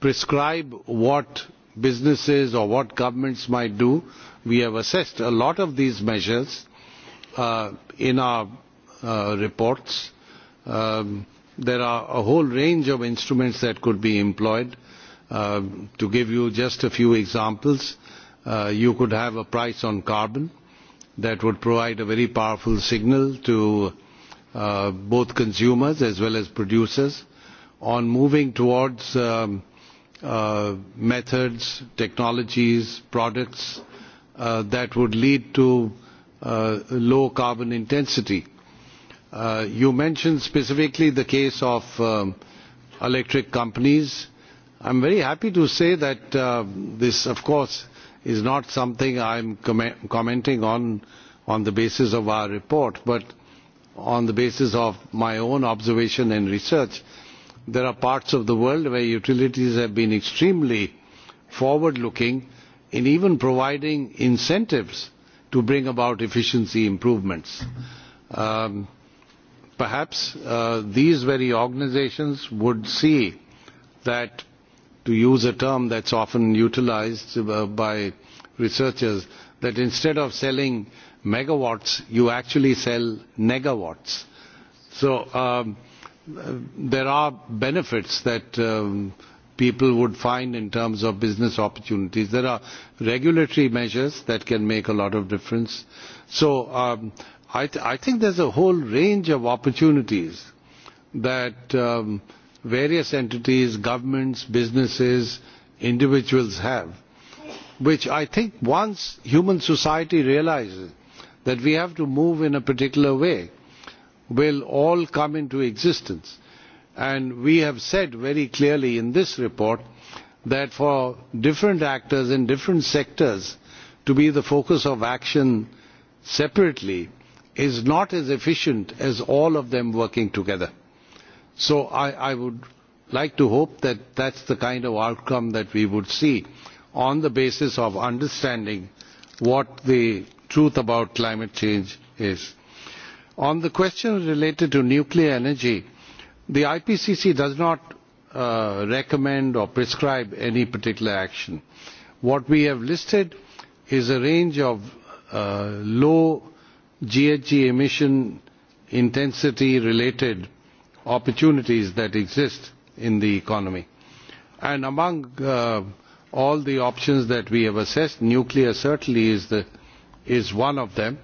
prescribe what businesses or what governments might do. We have assessed a lot of these measures uh, in our uh, reports. Um, there are a whole range of instruments that could be employed. Uh, to give you just a few examples, you could have a price on carbon that would provide a very powerful signal to both consumers as well as producers on moving towards um, uh, methods, technologies, products uh, that would lead to uh, low carbon intensity. Uh, you mentioned specifically the case of um, electric companies. I'm very happy to say that uh, this, of course, is not something I'm com commenting on on the basis of our report, but on the basis of my own observation and research there are parts of the world where utilities have been extremely forward looking in even providing incentives to bring about efficiency improvements. Um, perhaps uh, these very organizations would see that to use a term that's often utilized uh, by researchers that instead of selling megawatts you actually sell negawatts. so um, there are benefits that um, people would find in terms of business opportunities. There are regulatory measures that can make a lot of difference. So um, I, th I think there's a whole range of opportunities that um, various entities, governments, businesses, individuals have, which I think once human society realizes that we have to move in a particular way, will all come into existence. And we have said very clearly in this report that for different actors in different sectors to be the focus of action separately is not as efficient as all of them working together. So I, I would like to hope that that's the kind of outcome that we would see on the basis of understanding what the truth about climate change is on the question related to nuclear energy the ipcc does not uh, recommend or prescribe any particular action what we have listed is a range of uh, low ghg emission intensity related opportunities that exist in the economy and among uh, all the options that we have assessed nuclear certainly is the is one of them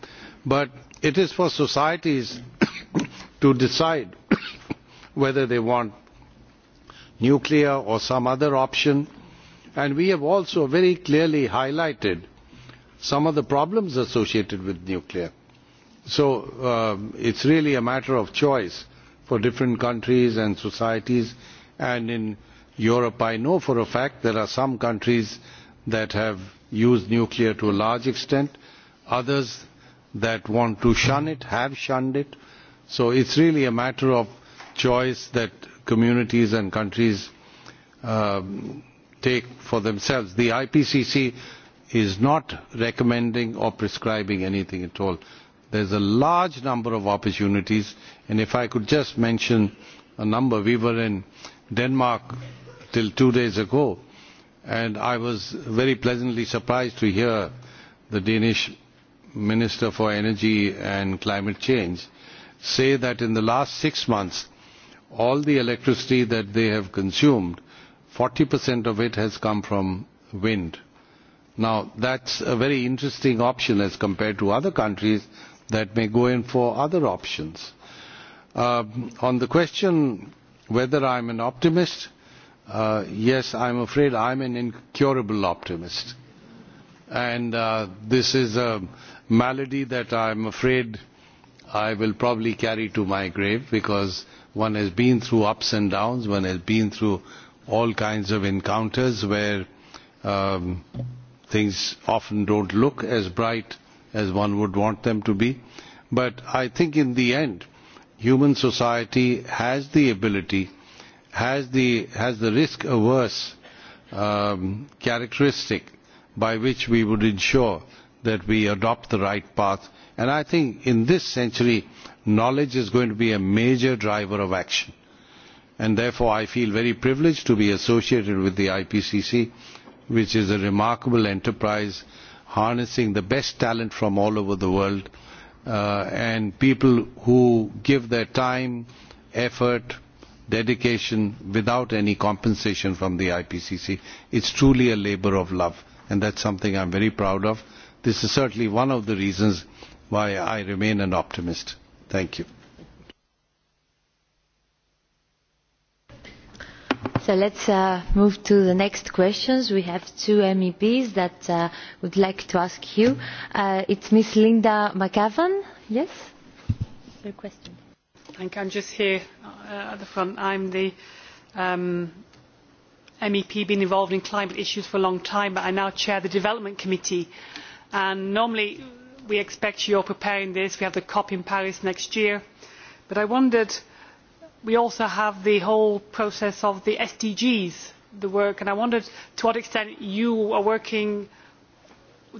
but it is for societies to decide whether they want nuclear or some other option and we have also very clearly highlighted some of the problems associated with nuclear. So um, it's really a matter of choice for different countries and societies and in Europe I know for a fact there are some countries that have used nuclear to a large extent, others that want to shun it have shunned it so it's really a matter of choice that communities and countries um, take for themselves the ipcc is not recommending or prescribing anything at all there a large number of opportunities and if i could just mention a number we were in denmark till two days ago and i was very pleasantly surprised to hear the danish Minister for Energy and Climate Change, say that in the last six months, all the electricity that they have consumed, 40% of it has come from wind. Now, that's a very interesting option as compared to other countries that may go in for other options. Um, on the question whether I'm an optimist, uh, yes, I'm afraid I'm an incurable optimist. And uh, this is a, malady that I am afraid I will probably carry to my grave because one has been through ups and downs, one has been through all kinds of encounters where um, things often don't look as bright as one would want them to be. But I think in the end, human society has the ability, has the, has the risk-averse um, characteristic by which we would ensure that we adopt the right path. And I think in this century, knowledge is going to be a major driver of action. And therefore, I feel very privileged to be associated with the IPCC, which is a remarkable enterprise harnessing the best talent from all over the world uh, and people who give their time, effort, dedication without any compensation from the IPCC. It's truly a labor of love and that's something I'm very proud of this is certainly one of the reasons why I remain an optimist. Thank you. So let's uh, move to the next questions. We have two MEPs that uh, would like to ask you. Uh, it's Ms. Linda McAvan. Yes? question. Thank you. I'm just here uh, at the front. I'm the MEP um, been involved in climate issues for a long time, but I now chair the Development Committee and normally we expect you are preparing this we have the cop in paris next year but i wondered we also have the whole process of the sdgs the work and i wondered to what extent you are working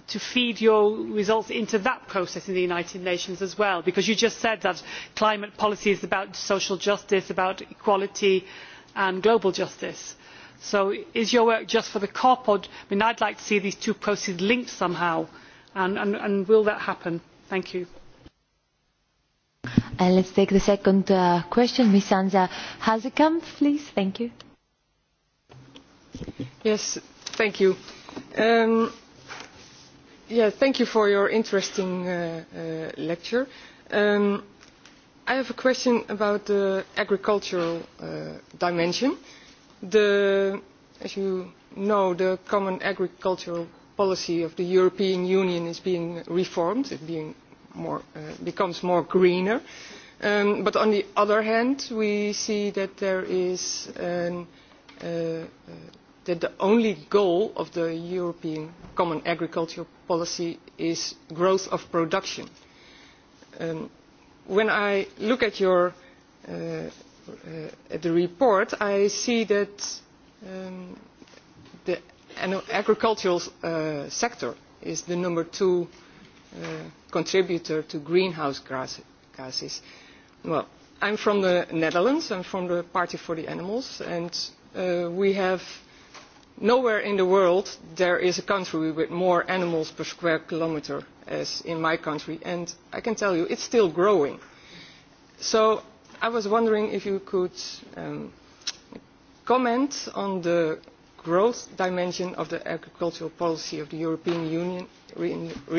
to feed your results into that process in the united nations as well because you just said that climate policy is about social justice about equality and global justice. so is your work just for the cop or i would like to see these two processes linked somehow and, and, will that happen? Thank you. Uh, let's take the second uh, question. Ms. Anza Hazekam, please. Thank you. Yes, thank you. Um, yeah, thank you for your interesting uh, uh, lecture. Um, I have a question about the agricultural uh, dimension. The, as you know, the common agricultural policy of the european union is being reformed it being more, uh, becomes more greener um, but on the other hand we see that there is an, uh, uh, that the only goal of the european common agricultural policy is growth of production. Um, when i look at your uh, uh, at the report i see that um, the agricultural uh, sector is the number two uh, contributor to greenhouse gases. Well, I'm from the Netherlands. and from the Party for the Animals. And uh, we have nowhere in the world there is a country with more animals per square kilometer as in my country and i can tell you it's still growing so i was wondering if you could um, comment on the growth dimension of the agricultural policy of the European Union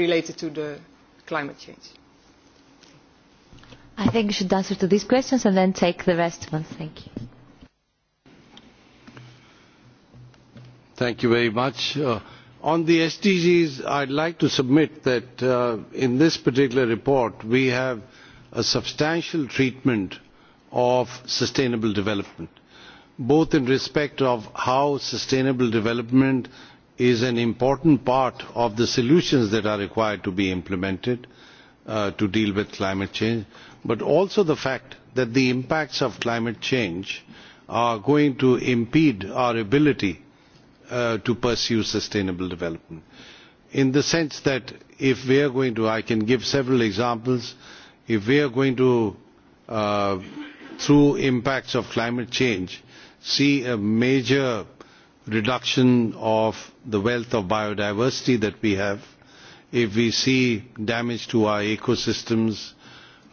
related to the climate change? I think you should answer to these questions and then take the rest of them. Thank you. Thank you very much. Uh, on the SDGs, I'd like to submit that uh, in this particular report, we have a substantial treatment of sustainable development both in respect of how sustainable development is an important part of the solutions that are required to be implemented uh, to deal with climate change, but also the fact that the impacts of climate change are going to impede our ability uh, to pursue sustainable development. In the sense that if we are going to, I can give several examples, if we are going to, uh, through impacts of climate change, see a major reduction of the wealth of biodiversity that we have, if we see damage to our ecosystems,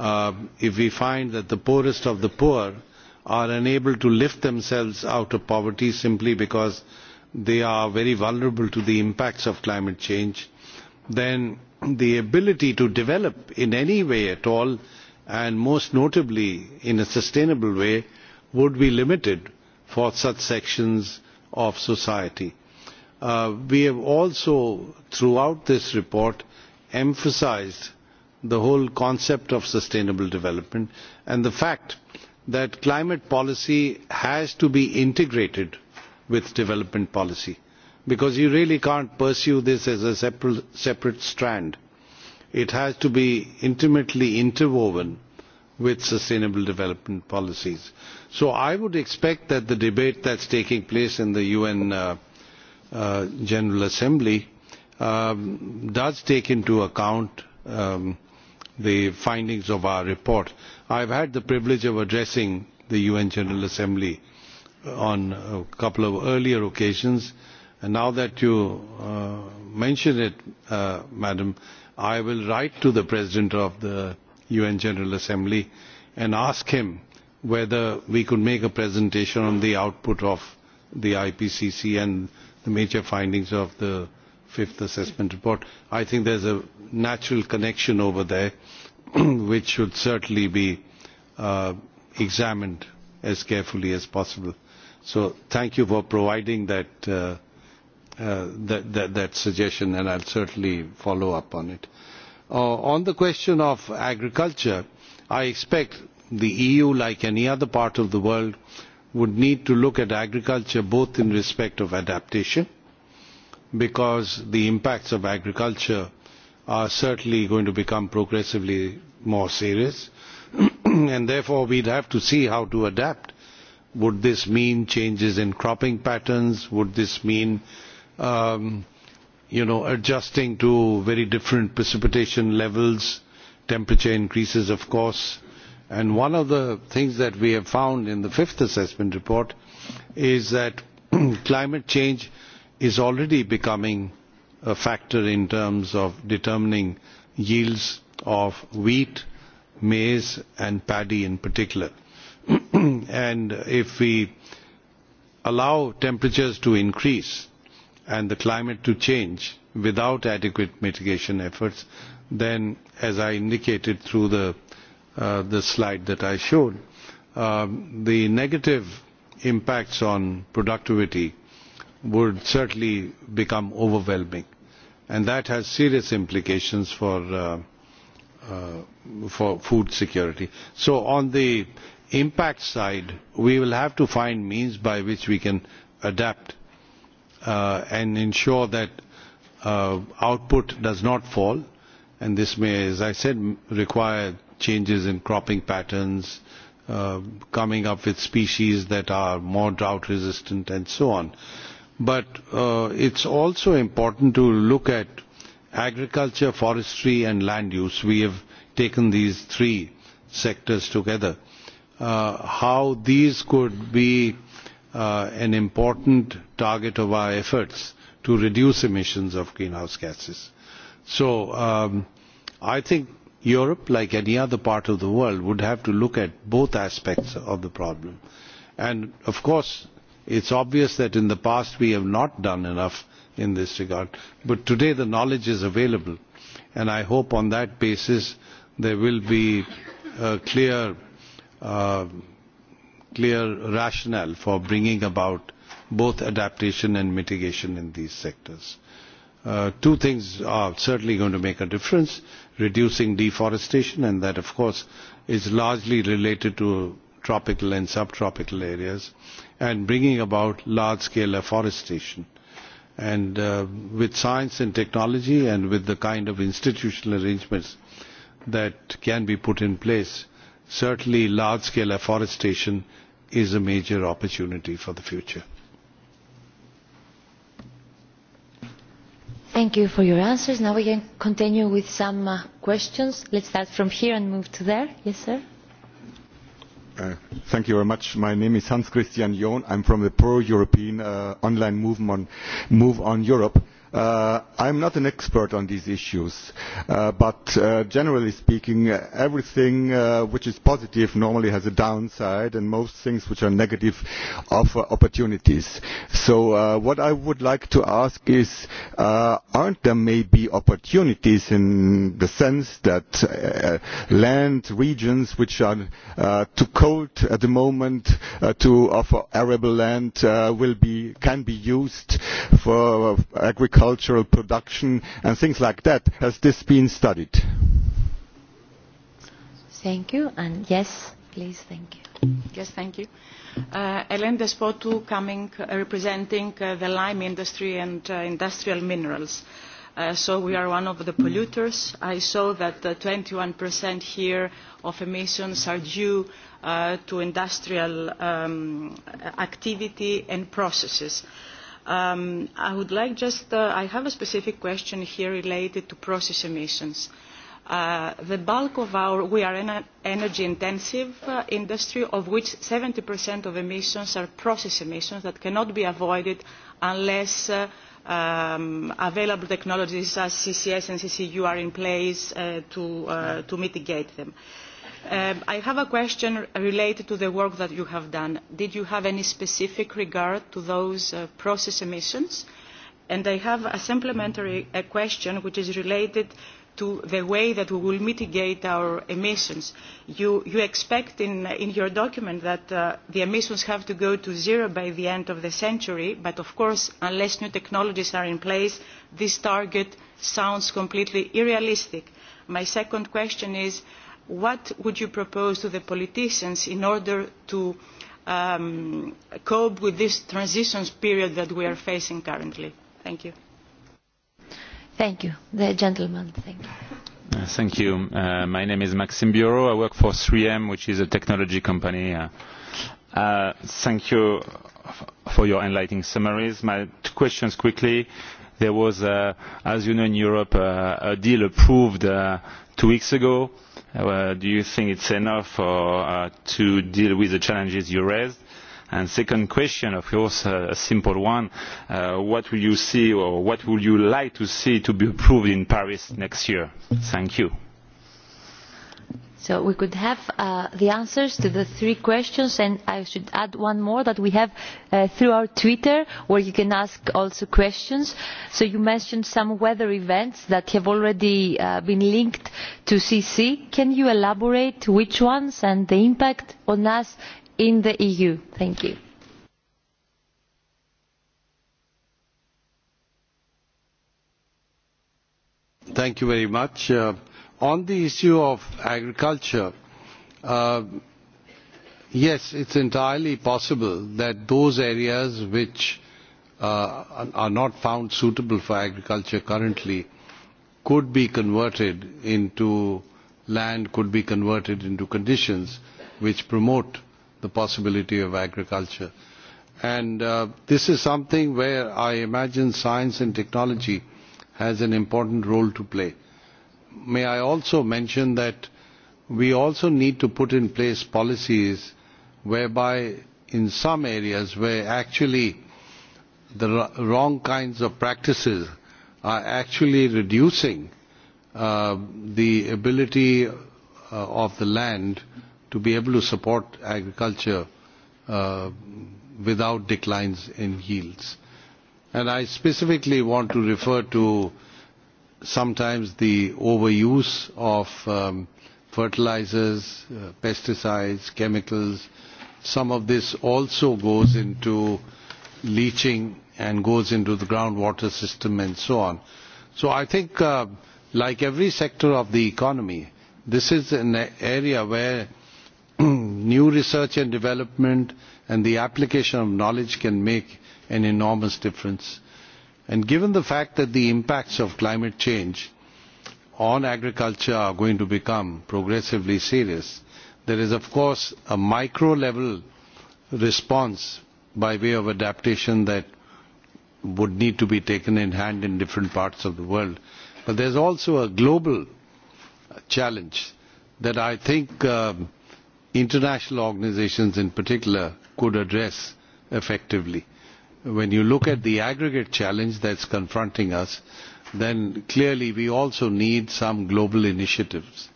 uh, if we find that the poorest of the poor are unable to lift themselves out of poverty simply because they are very vulnerable to the impacts of climate change, then the ability to develop in any way at all, and most notably in a sustainable way, would be limited for such sections of society. Uh, we have also throughout this report emphasised the whole concept of sustainable development and the fact that climate policy has to be integrated with development policy because you really can't pursue this as a separate, separate strand. It has to be intimately interwoven with sustainable development policies. So I would expect that the debate that's taking place in the UN uh, uh, General Assembly um, does take into account um, the findings of our report. I've had the privilege of addressing the UN General Assembly on a couple of earlier occasions and now that you uh, mention it, Madam, I will write to the President of the UN General Assembly and ask him whether we could make a presentation on the output of the IPCC and the major findings of the fifth assessment report. I think there's a natural connection over there which should certainly be uh, examined as carefully as possible. So thank you for providing that, uh, uh, that suggestion and I'll certainly follow up on it. Uh, on the question of agriculture i expect the eu like any other part of the world would need to look at agriculture both in respect of adaptation because the impacts of agriculture are certainly going to become progressively more serious and therefore we would have to see how to adapt. Would this mean changes in cropping patterns? Would this mean um, you know adjusting to very different precipitation levels temperature increases of course and one of the things that we have found in the fifth assessment report is that climate change is already becoming a factor in terms of determining yields of wheat maize and paddy in particular and if we allow temperatures to increase and the climate to change without adequate mitigation efforts then as i indicated through the, uh, the slide that i showed um, the negative impacts on productivity would certainly become overwhelming and that has serious implications for uh, uh, for food security so on the impact side we will have to find means by which we can adapt Uh, and ensure that uh, output does not fall. And this may, as I said, require changes in cropping patterns, uh, coming up with species that are more drought resistant and so on. But uh, it's also important to look at agriculture, forestry and land use. We have taken these three sectors together. Uh, how these could be uh, an important target of our efforts to reduce emissions of greenhouse gases. So um, I think Europe, like any other part of the world, would have to look at both aspects of the problem. And of course, it's obvious that in the past we have not done enough in this regard. But today the knowledge is available. And I hope on that basis there will be a clear, uh, clear rationale for bringing about both adaptation and mitigation in these sectors. Uh, two things are certainly going to make a difference reducing deforestation and that of course is largely related to tropical and subtropical areas and bringing about large scale afforestation and uh, with science and technology and with the kind of institutional arrangements that can be put in place certainly large scale afforestation is a major opportunity for the future Thank you for your answers. Now we can continue with some uh, questions. Let's start from here and move to there. Yes, sir. Uh, thank you very much. My name is Hans Christian Jon. I'm from the pro-European uh, online movement, Move on Europe Uh, I am not an expert on these issues, uh, but uh, generally speaking, everything which is positive normally has a downside and most things which are negative offer opportunities. So what I would like to ask is aren't there maybe opportunities in the sense that land regions which are too cold at the moment to offer arable land can be used for agriculture agricultural production and things like that. Has this been studied? Thank you. And yes, please, thank you. Yes, thank you. Uh, Despotou, coming, uh, representing uh, the lime industry and industrial minerals. so we are one of the polluters. I saw that twenty one here of emissions are due to industrial um, activity and processes. Um, I would like just, uh, I have a specific question here related to process emissions. Uh, the bulk of our, we are an energy intensive uh, industry of which 70% of emissions are process emissions that cannot be avoided unless um, available technologies as CCS and CCU are in place to, to mitigate them. Um, I have a question related to the work that you have done. Did you have any specific regard to those uh, process emissions? And I have a supplementary a question which is related to the way that we will mitigate our emissions. You, expect in, your document that uh, the emissions have to go to zero by the end of the century, but of course, unless new technologies are in place, this target sounds completely unrealistic. My second question is what would you propose to the politicians in order to um, cope with this transition period that we are facing currently? Thank you. Thank you. The gentleman, thank you. Uh, thank you. Uh, my name is Maxim Bureau. I work for 3M, which is a technology company. Uh, uh, thank you for your enlightening summaries. My two questions quickly. There was, uh, as you know, in Europe, uh, a deal approved uh, two weeks ago do you think it's enough uh, to deal with the challenges you raised? And second question, of course, uh, a simple one. Uh, what will you see or what would you like to see to be approved in Paris next year? Thank you. So we could have uh, the answers to the three questions and I should add one more that we have uh, through our Twitter where you can ask also questions. So you mentioned some weather events that have already uh, been linked to CC. Can you elaborate which ones and the impact on us in the EU? Thank you. Thank you very much. Uh, on the issue of agriculture uh, yes, it is entirely possible that those areas which uh, are not found suitable for agriculture currently could be converted into land could be converted into conditions which promote the possibility of agriculture and uh, this is something where i imagine science and technology has an important role to play may I also mention that we also need to put in place policies whereby in some areas where actually the wrong kinds of practices are actually reducing uh, the ability uh, of the land to be able to support agriculture uh, without declines in yields. And I specifically want to refer to sometimes the overuse of fertilisers, um, fertilizers, uh, pesticides, chemicals. Some of this also goes into leaching and goes into the groundwater system and so on. So I think, uh, like every sector of the economy, this is an area where new research and development and the application of knowledge can make an enormous difference and given the fact that the impacts of climate change on agriculture are going to become progressively serious there is of course a micro level response by way of adaptation that would need to be taken in hand in different parts of the world but there is also a global challenge that i think um, international organisations in particular could address effectively when you look at the aggregate challenge that's confronting us, then clearly we also need some global initiatives.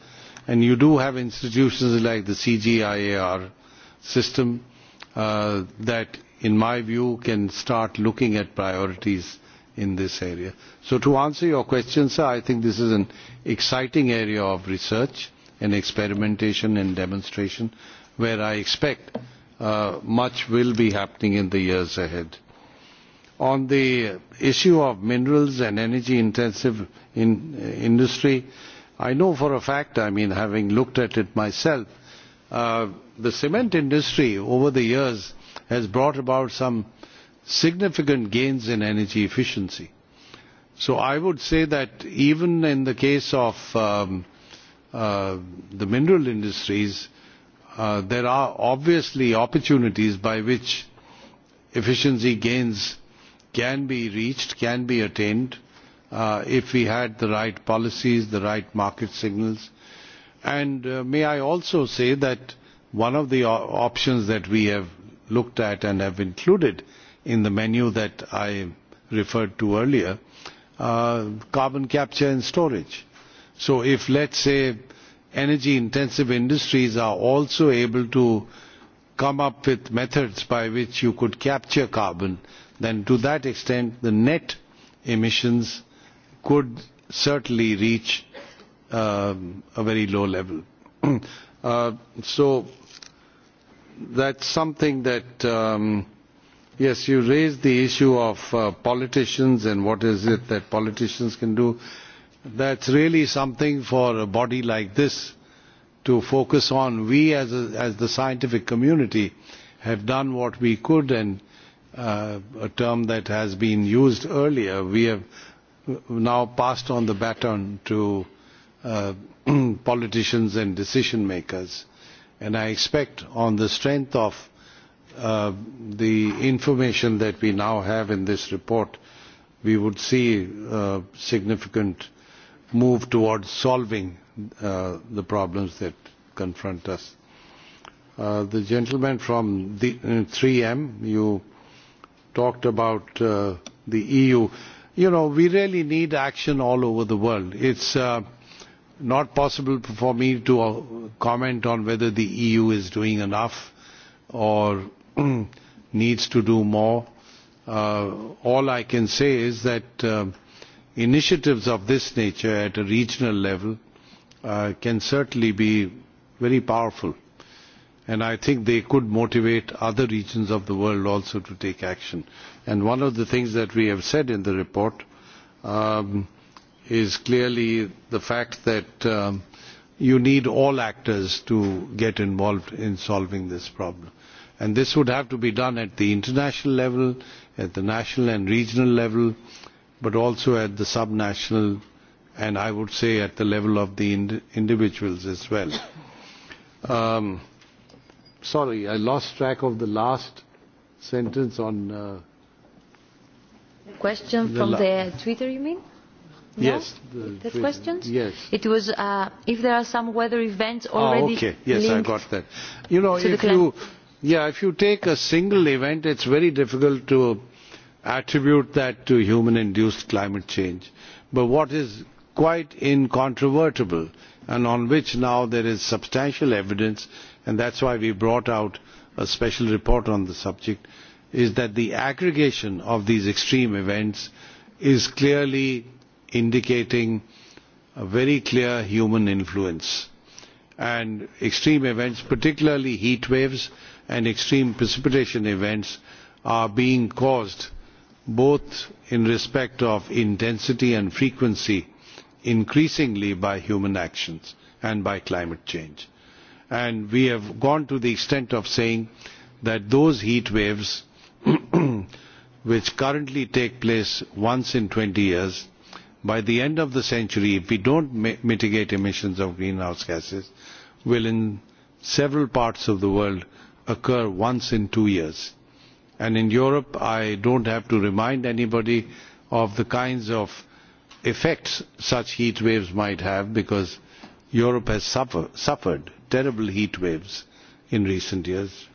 And you do have institutions like the CGIAR system uh, that, in my view, can start looking at priorities in this area. So to answer your question, sir, I think this is an exciting area of research and experimentation and demonstration where I expect uh, much will be happening in the years ahead on the issue of minerals and energy intensive in, uh, industry, I know for a fact, I mean, having looked at it myself, uh, the cement industry over the years has brought about some significant gains in energy efficiency. So I would say that even in the case of um, uh, the mineral industries, uh, there are obviously opportunities by which efficiency gains can be reached, can be attained uh, if we had the right policies, the right market signals. And uh, may I also say that one of the options that we have looked at and have included in the menu that I referred to earlier, uh, carbon capture and storage. So if, let's say, energy intensive industries are also able to come up with methods by which you could capture carbon then to that extent the net emissions could certainly reach um, a very low level. Uh, so that's something that, um, yes, you raised the issue of uh, politicians and what is it that politicians can do. That's really something for a body like this to focus on. We as, a, as the scientific community have done what we could and Uh, a term that has been used earlier. We have now passed on the baton to uh, politicians and decision makers. And I expect on the strength of uh, the information that we now have in this report, we would see a significant move towards solving the problems that confront us. the gentleman from the, 3M, you talked about uh, the EU. You know, we really need action all over the world. It's uh, not possible for me to uh, comment on whether the EU is doing enough or needs to do more. Uh, all I can say is that uh, initiatives of this nature at a regional level uh, can certainly be very powerful and i think they could motivate other regions of the world also to take action and one of the things that we have said in the report um, is clearly the fact that um, you need all actors to get involved in solving this problem and this would have to be done at the international level at the national and regional level but also at the subnational and i would say at the level of the ind individuals as well um, Sorry, I lost track of the last sentence on... Uh, question from the Twitter, you mean? No? Yes. The, questions? Yes. It was uh, if there are some weather events ah, already. Oh, okay. Yes, I got that. You know, if you, yeah, if you take a single event, it's very difficult to attribute that to human-induced climate change. But what is quite incontrovertible, and on which now there is substantial evidence, and that is why we brought out a special report on the subject is that the aggregation of these extreme events is clearly indicating a very clear human influence and extreme events particularly heat waves and extreme precipitation events are being caused both in respect of intensity and frequency increasingly by human actions and by climate change and we have gone to the extent of saying that those heat waves which currently take place once in 20 years by the end of the century if we don't not mitigate emissions of greenhouse gases will in several parts of the world occur once in two years and in Europe I don't have to remind anybody of the kinds of effects such heat waves might have because Europe has suffered terrible heat waves in recent years,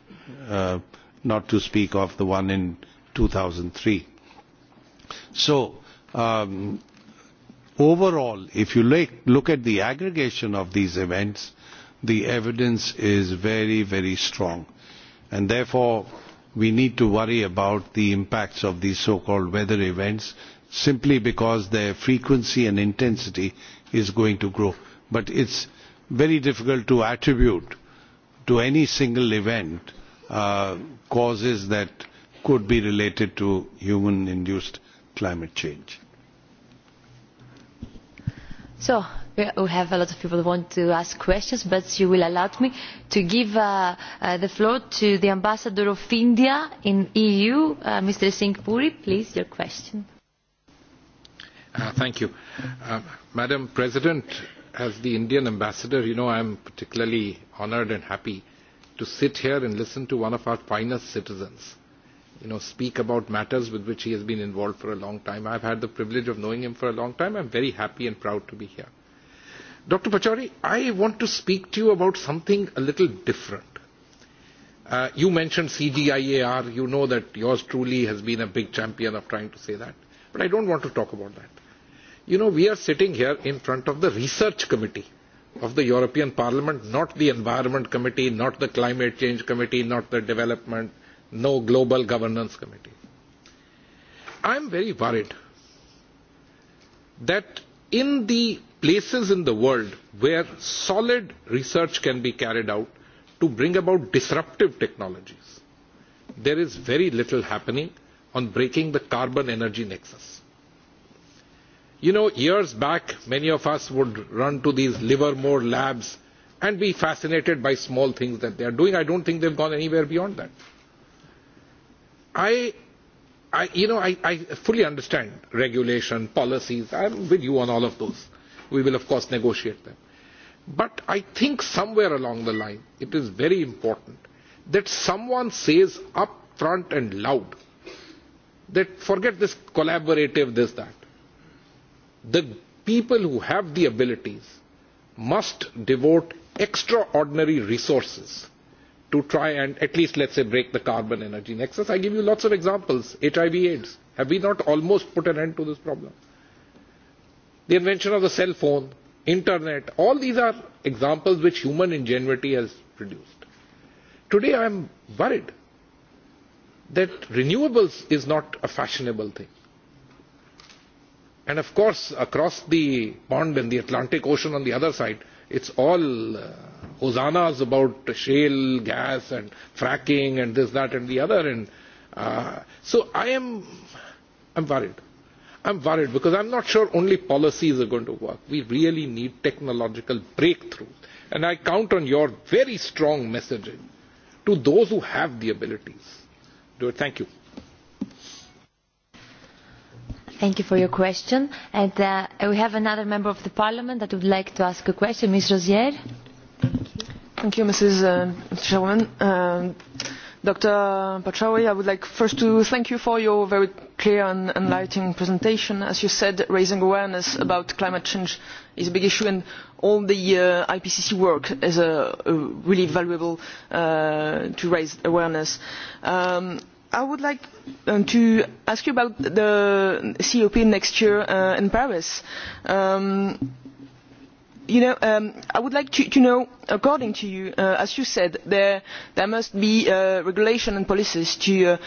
uh, not to speak of the one in 2003. So, um, overall, if you look, look at the aggregation of these events, the evidence is very, very strong. And therefore, we need to worry about the impacts of these so-called weather events simply because their frequency and intensity is going to grow. But it's very difficult to attribute to any single event uh, causes that could be related to human induced climate change. So we have a lot of people who want to ask questions, but you will allow me to give uh, uh the floor to the Ambassador of India in EU, uh, Mr. Singh Puri. Please, your question. thank you. Madam President, as the Indian ambassador, you know, I am particularly honored and happy to sit here and listen to one of our finest citizens, you know, speak about matters with which he has been involved for a long time. I have had the privilege of knowing him for a long time. I am very happy and proud to be here. Dr. Pachauri, I want to speak to you about something a little different. Uh, you mentioned CGIAR. You know that yours truly has been a big champion of trying to say that. But I don't want to talk about that you know we are sitting here in front of the research committee of the european parliament not the environment committee not the climate change committee not the development no global governance committee i am very worried that in the places in the world where solid research can be carried out to bring about disruptive technologies there is very little happening on breaking the carbon energy nexus you know years back many of us would run to these livermore labs and be fascinated by small things that they are doing i don't think they've gone anywhere beyond that i i you know i i fully understand regulation policies i'm with you on all of those we will of course negotiate them but i think somewhere along the line it is very important that someone says up front and loud that forget this collaborative this that the people who have the abilities must devote extraordinary resources to try and at least let's say break the carbon energy nexus. I give you lots of examples. HIV AIDS. Have we not almost put an end to this problem? The invention of the cell phone, internet, all these are examples which human ingenuity has produced. Today I am worried that renewables is not a fashionable thing and of course across the pond in the atlantic ocean on the other side it's all uh, hosannas about shale gas and fracking and this that and the other and uh, so i am i'm worried i'm worried because i'm not sure only policies are going to work we really need technological breakthrough. and i count on your very strong messaging to those who have the abilities do it thank you Thank you for your question. And uh, we have another member of the parliament that would like to ask a question. Ms. Rosier. Thank you, Mrs. Uh, Chairman. Um, Dr. Pachauri, I would like first to thank you for your very clear and enlightening presentation. As you said, raising awareness about climate change is a big issue and all the uh, IPCC work is a, really valuable to raise awareness. Um, i would like uh, to ask you about the cop next year uh, in paris. Um, um, i would like to, know according to you uh, as you said there, there must be regulation and policies to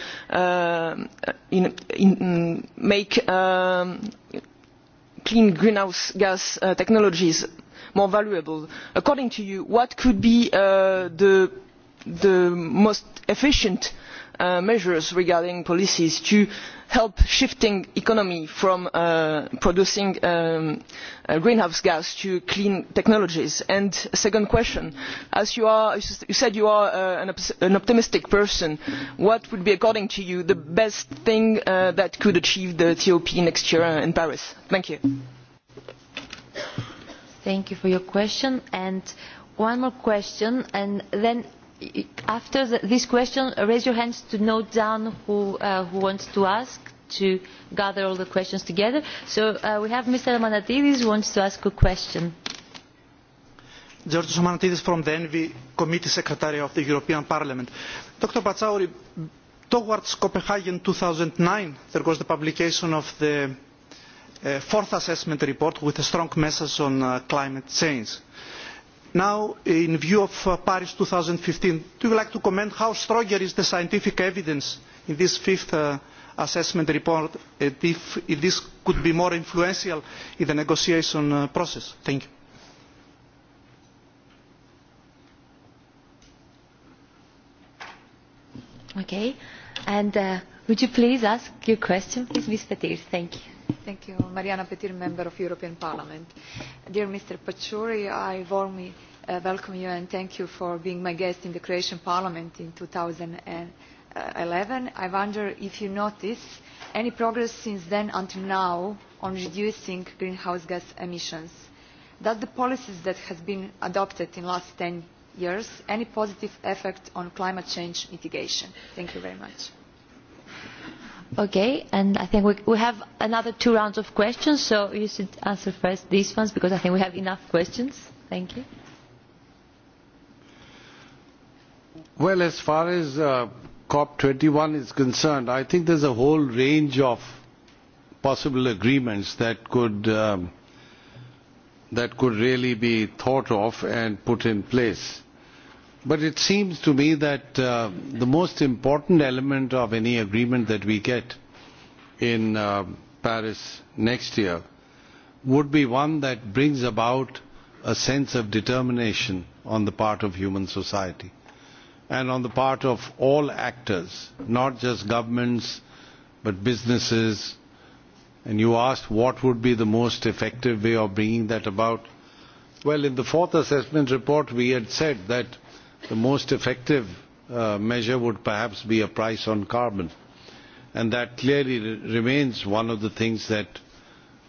in, make um, clean greenhouse gas technologies more valuable. according to you what could be the most efficient Uh, measures regarding policies to help shift the economy from uh, producing um, uh, greenhouse gas to clean technologies? and second question as you, are, said you are an, optimistic person what would be according to you the best thing that could achieve the top next year in paris? thank you. Thank you for your question. And one more question, and then after this question raise your hands to note down who, uh, who wants to ask to gather all the questions together. So uh, we have Mr. Manatidis who wants to ask a question. George Manatidis from the Envy Committee Secretary of the European Parliament. Dr. Patsauri, towards Copenhagen 2009 there was the publication of the uh, fourth assessment report with a strong message on uh, climate change Now, in view of uh, Paris 2015, do you like to comment how stronger is the scientific evidence in this fifth uh, assessment report and if, this could be more influential in the negotiation uh, process? Thank you. Okay. And would you please ask your question, please, Ms. Petir? Thank you. Thank you. Mariana Petir, member of European Parliament. Dear Mr. Pachuri, I warmly uh, welcome you and thank you for being my guest in the Croatian Parliament in 2011. I wonder if you notice any progress since then until now on reducing greenhouse gas emissions. Does the policies that have been adopted in the last 10 years any positive effect on climate change mitigation? Thank you very much. Okay, and I think we, have another two rounds of questions, so you should answer first these ones because I think we have enough questions. Thank you. Well, as far as uh, COP21 is concerned, I think there's a whole range of possible agreements that could, um, that could really be thought of and put in place But it seems to me that uh, the most important element of any agreement that we get in uh, Paris next year would be one that brings about a sense of determination on the part of human society and on the part of all actors, not just governments, but businesses. And you asked what would be the most effective way of bringing that about. Well, in the fourth assessment report, we had said that the most effective uh, measure would perhaps be a price on carbon. And that clearly remains one of the things that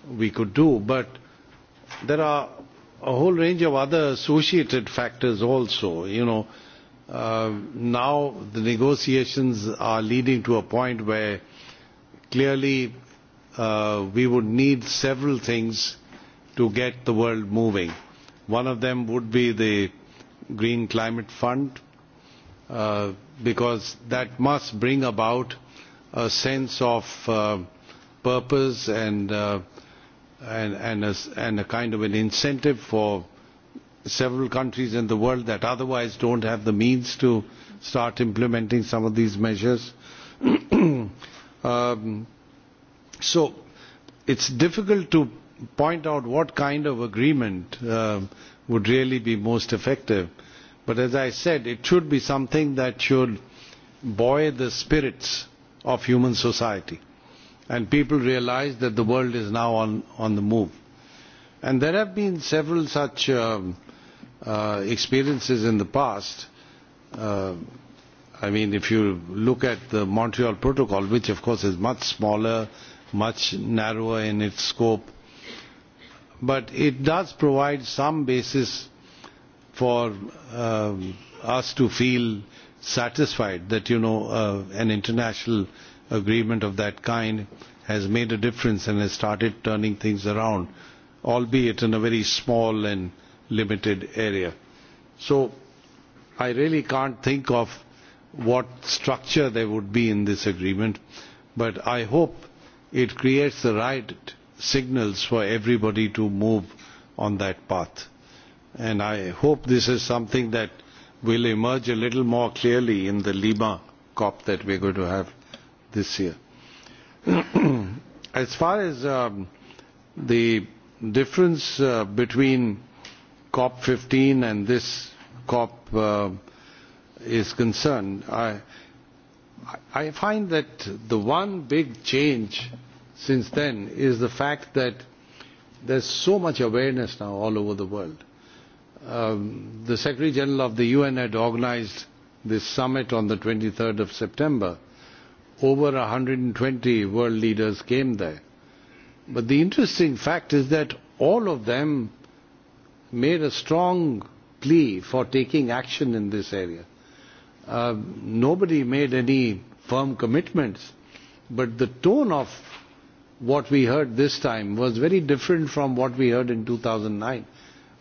we could do. But there are a whole range of other associated factors also. You know, uh, now the negotiations are leading to a point where clearly uh, we would need several things to get the world moving. One of them would be the green climate fund uh, because that must bring about a sense of uh, purpose and uh, and and a, and a kind of an incentive for several countries in the world that otherwise don't have the means to start implementing some of these measures um, so it's difficult to point out what kind of agreement uh, would really be most effective. But as I said, it should be something that should buoy the spirits of human society. And people realize that the world is now on, on the move. And there have been several such um, uh, experiences in the past. Uh, I mean, if you look at the Montreal Protocol, which of course is much smaller, much narrower in its scope, but it does provide some basis for um, us to feel satisfied that you know uh, an international agreement of that kind has made a difference and has started turning things around albeit in a very small and limited area so i really can't think of what structure there would be in this agreement but i hope it creates the right signals for everybody to move on that path. And I hope this is something that will emerge a little more clearly in the Lima COP that we are going to have this year. as far as um, the difference uh, between COP 15 and this COP uh, is concerned, I, I find that the one big change since then is the fact that there's so much awareness now all over the world. Um, the Secretary General of the UN had organized this summit on the 23rd of September. Over 120 world leaders came there. But the interesting fact is that all of them made a strong plea for taking action in this area. Uh, nobody made any firm commitments, but the tone of what we heard this time was very different from what we heard in 2009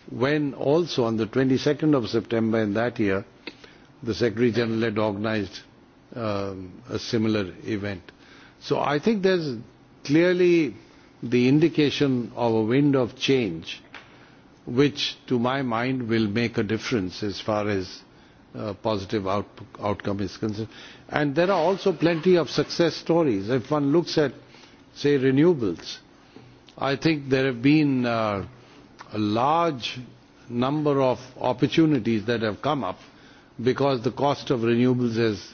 when also on the 22nd of September in that year the Secretary General had organized um, a similar event. So I think there's clearly the indication of a wind of change which to my mind will make a difference as far as uh, positive out outcome is concerned. And there are also plenty of success stories. If one looks at say renewables. I think there have been uh, a large number of opportunities that have come up because the cost of renewables has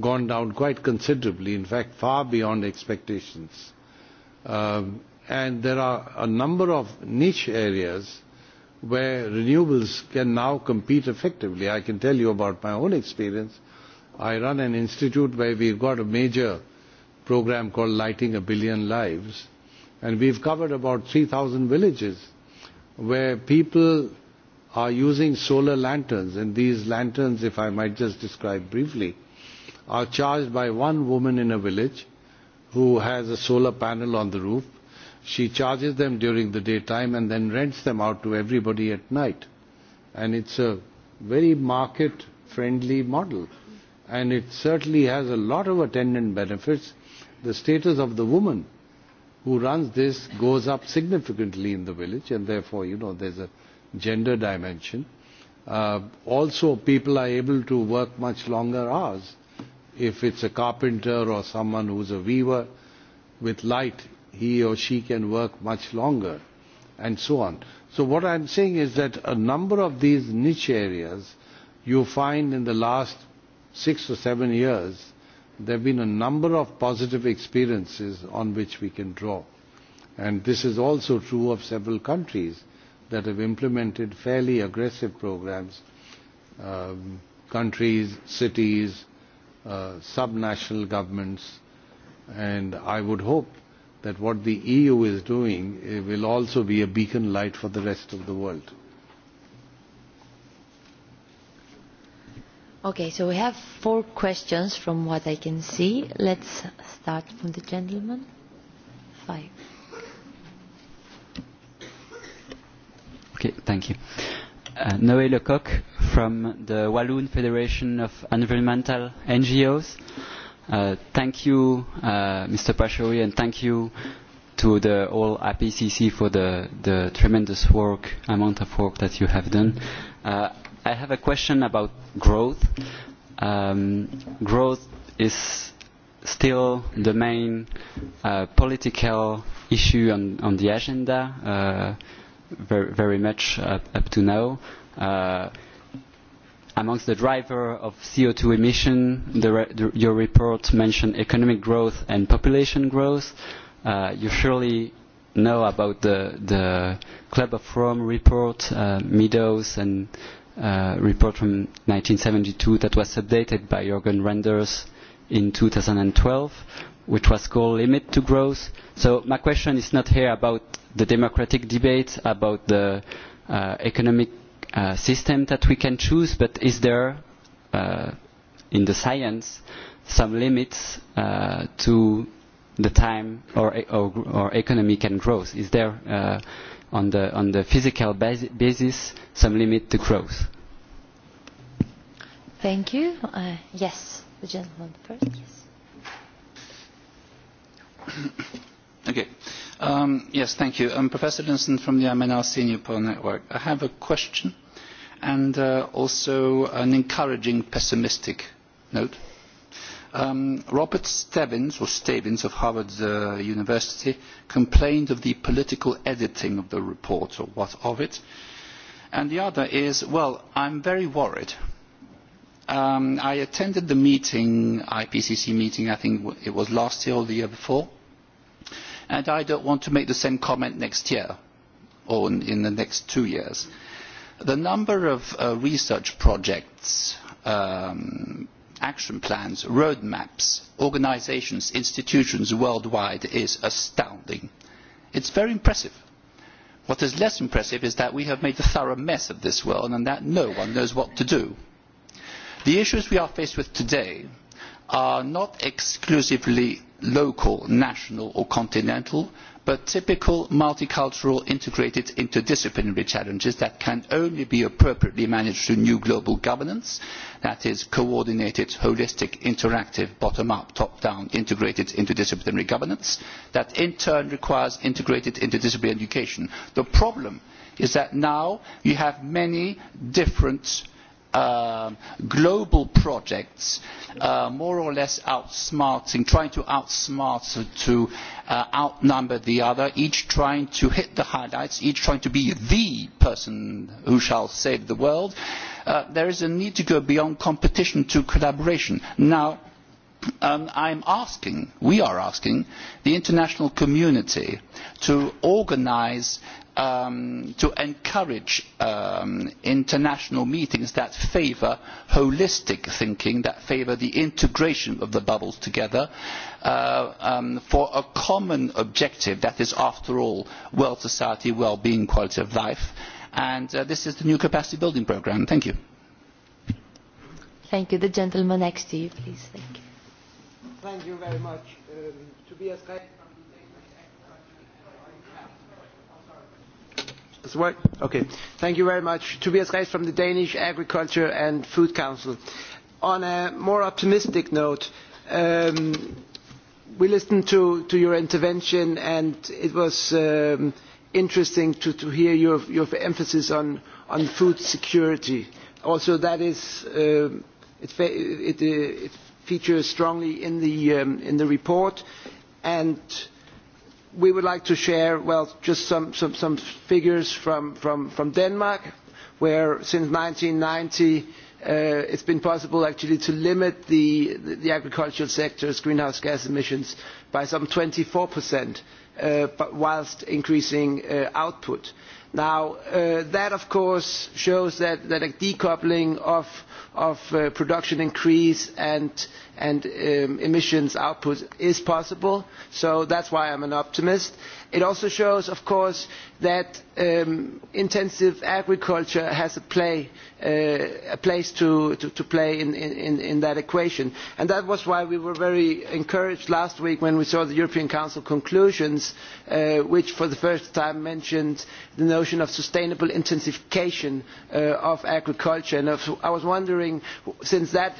gone down quite considerably, in fact far beyond expectations. Um, and there are a number of niche areas where renewables can now compete effectively. I can tell you about my own experience. I run an institute where we've got a major program called Lighting a Billion Lives. And we've covered about 3,000 villages where people are using solar lanterns. And these lanterns, if I might just describe briefly, are charged by one woman in a village who has a solar panel on the roof. She charges them during the daytime and then rents them out to everybody at night. And it's a very market friendly model. And it certainly has a lot of attendant benefits the status of the woman who runs this goes up significantly in the village and therefore you know there's a gender dimension uh, also people are able to work much longer hours if it's a carpenter or someone who's a weaver with light he or she can work much longer and so on so what i'm saying is that a number of these niche areas you find in the last six or seven years there have been a number of positive experiences on which we can draw. And this is also true of several countries that have implemented fairly aggressive programs, um, countries, cities, uh, subnational governments, and I would hope that what the EU is doing will also be a beacon light for the rest of the world. Okay, so we have four questions from what I can see. Let's start from the gentleman. Five. Okay, thank you. Uh, Noé Lecoq from the Walloon Federation of Environmental NGOs. Uh, thank you, uh, Mr. Pashori, and thank you to the all IPCC for the, the tremendous work, amount of work that you have done. Uh, i have a question about growth. Um, growth is still the main uh, political issue on, on the agenda, uh, very, very much up, up to now. Uh, amongst the driver of CO2 emission, the re the, your report mentioned economic growth and population growth. Uh, you surely know about the, the Club of Rome report, uh, Meadows and uh, report from 1972 that was updated by Jorgen Renders in 2012, which was called Limit to Growth. So my question is not here about the democratic debate, about the uh, economic uh, system that we can choose, but is there uh, in the science some limits to the time or, or, or economy can growth? Is there on the, on the physical basis some limit to growth. Thank you. Uh, yes, the gentleman first. Yes. Okay. Um, yes, thank you. I'm Professor Linson from the MNR Senior Poll Network. I have a question and uh, also an encouraging pessimistic note. Um, Robert Stebbins, or of Harvard uh, University, complained of the political editing of the report, or what of it. And the other is, well, I'm very worried. Um, I attended the meeting, IPCC meeting, I think it was last year or the year before, and I don't want to make the same comment next year or in the next two years. The number of uh, research projects um, action plans, roadmaps, organisations, institutions worldwide is astounding. It is very impressive. What is less impressive is that we have made a thorough mess of this world and that no one knows what to do. The issues we are faced with today are not exclusively local, national or continental, but typical multicultural integrated interdisciplinary challenges that can only be appropriately managed through new global governance that is coordinated holistic interactive bottom up top down integrated interdisciplinary governance that in turn requires integrated interdisciplinary education. the problem is that now you have many different Um, global projects uh, more or less outsmarting trying to outsmart to uh, outnumber the other each trying to hit the highlights each trying to be the person who shall save the world uh, there is a need to go beyond competition to collaboration now i am um, asking, we are asking, the international community to organise um, to encourage um, international meetings that favour holistic thinking that favour the integration of the bubbles together uh, for a common objective that is after all world society well being quality of life and uh, this is the new capacity building programme. thank you. thank you. the gentleman next to please. Thank you. Thank you very much. Um, to be as Okay. Thank you very much. Tobias Reis from the Danish Agriculture and Food Council. On a more optimistic note, um, we listened to, to your intervention and it was um, interesting to, to hear your, your emphasis on, on food security. Also that is, um, it, it, it features strongly in the, um, in the report and we would like to share well, just some, some, some figures from, from, from denmark where since one thousand nine hundred and ninety uh, it has been possible actually to limit the, the agricultural sector's greenhouse gas emissions by some twenty four uh, whilst increasing uh, output. now that of course shows that, that a decoupling of of uh, production increase and and um, emissions output is possible so that's why i an optimist. it also shows of course that um, intensive agriculture has a, uh, place to, play in, that equation and that was why we were very encouraged last week when we saw the european council conclusions uh, which for the first time mentioned the notion of sustainable intensification uh, of agriculture. And i was wondering since that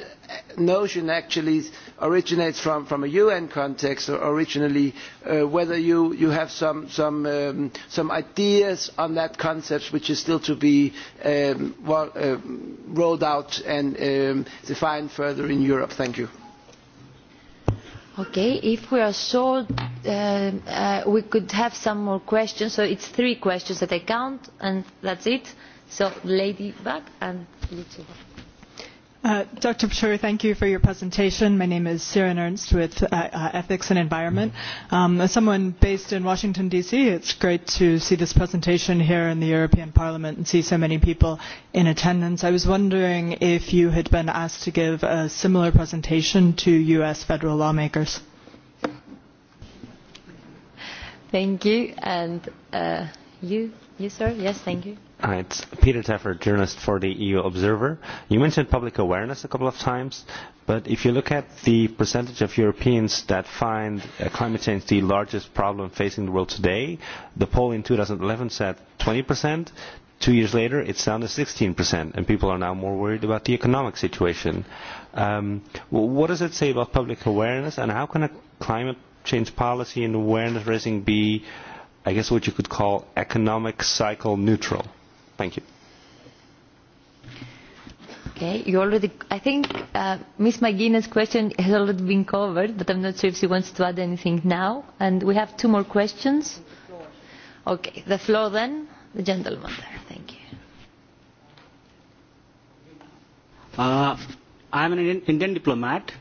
notion actually actually originates from, from a UN context or originally, uh, whether you, you have some, some, um, some ideas on that concept which is still to be um, uh, rolled out and um, defined further in Europe. Thank you. Okay, if we are so uh, we could have some more questions. So it's three questions that I count, and that's it. So, lady back and too Uh, Dr. Pachuri, thank you for your presentation. My name is Siren Ernst with uh, uh, Ethics and Environment. Um, as someone based in Washington, D.C., it's great to see this presentation here in the European Parliament and see so many people in attendance. I was wondering if you had been asked to give a similar presentation to U.S. federal lawmakers. Thank you. And uh, you, you, sir? Yes, thank you. Hi, uh, it's Peter Teffer, journalist for the EU Observer. You mentioned public awareness a couple of times, but if you look at the percentage of Europeans that find uh, climate change the largest problem facing the world today, the poll in 2011 said 20%. Two years later, it's down to 16%, and people are now more worried about the economic situation. Um, what does it say about public awareness, and how can a climate change policy and awareness raising be, I guess, what you could call economic cycle neutral? Thank you. Okay, you already, I think uh, Ms. McGuinness' question has already been covered, but I'm not sure if she wants to add anything now. And we have two more questions. Okay, the floor then, the gentleman there. Thank you. Uh, I'm an Indian, Indian diplomat.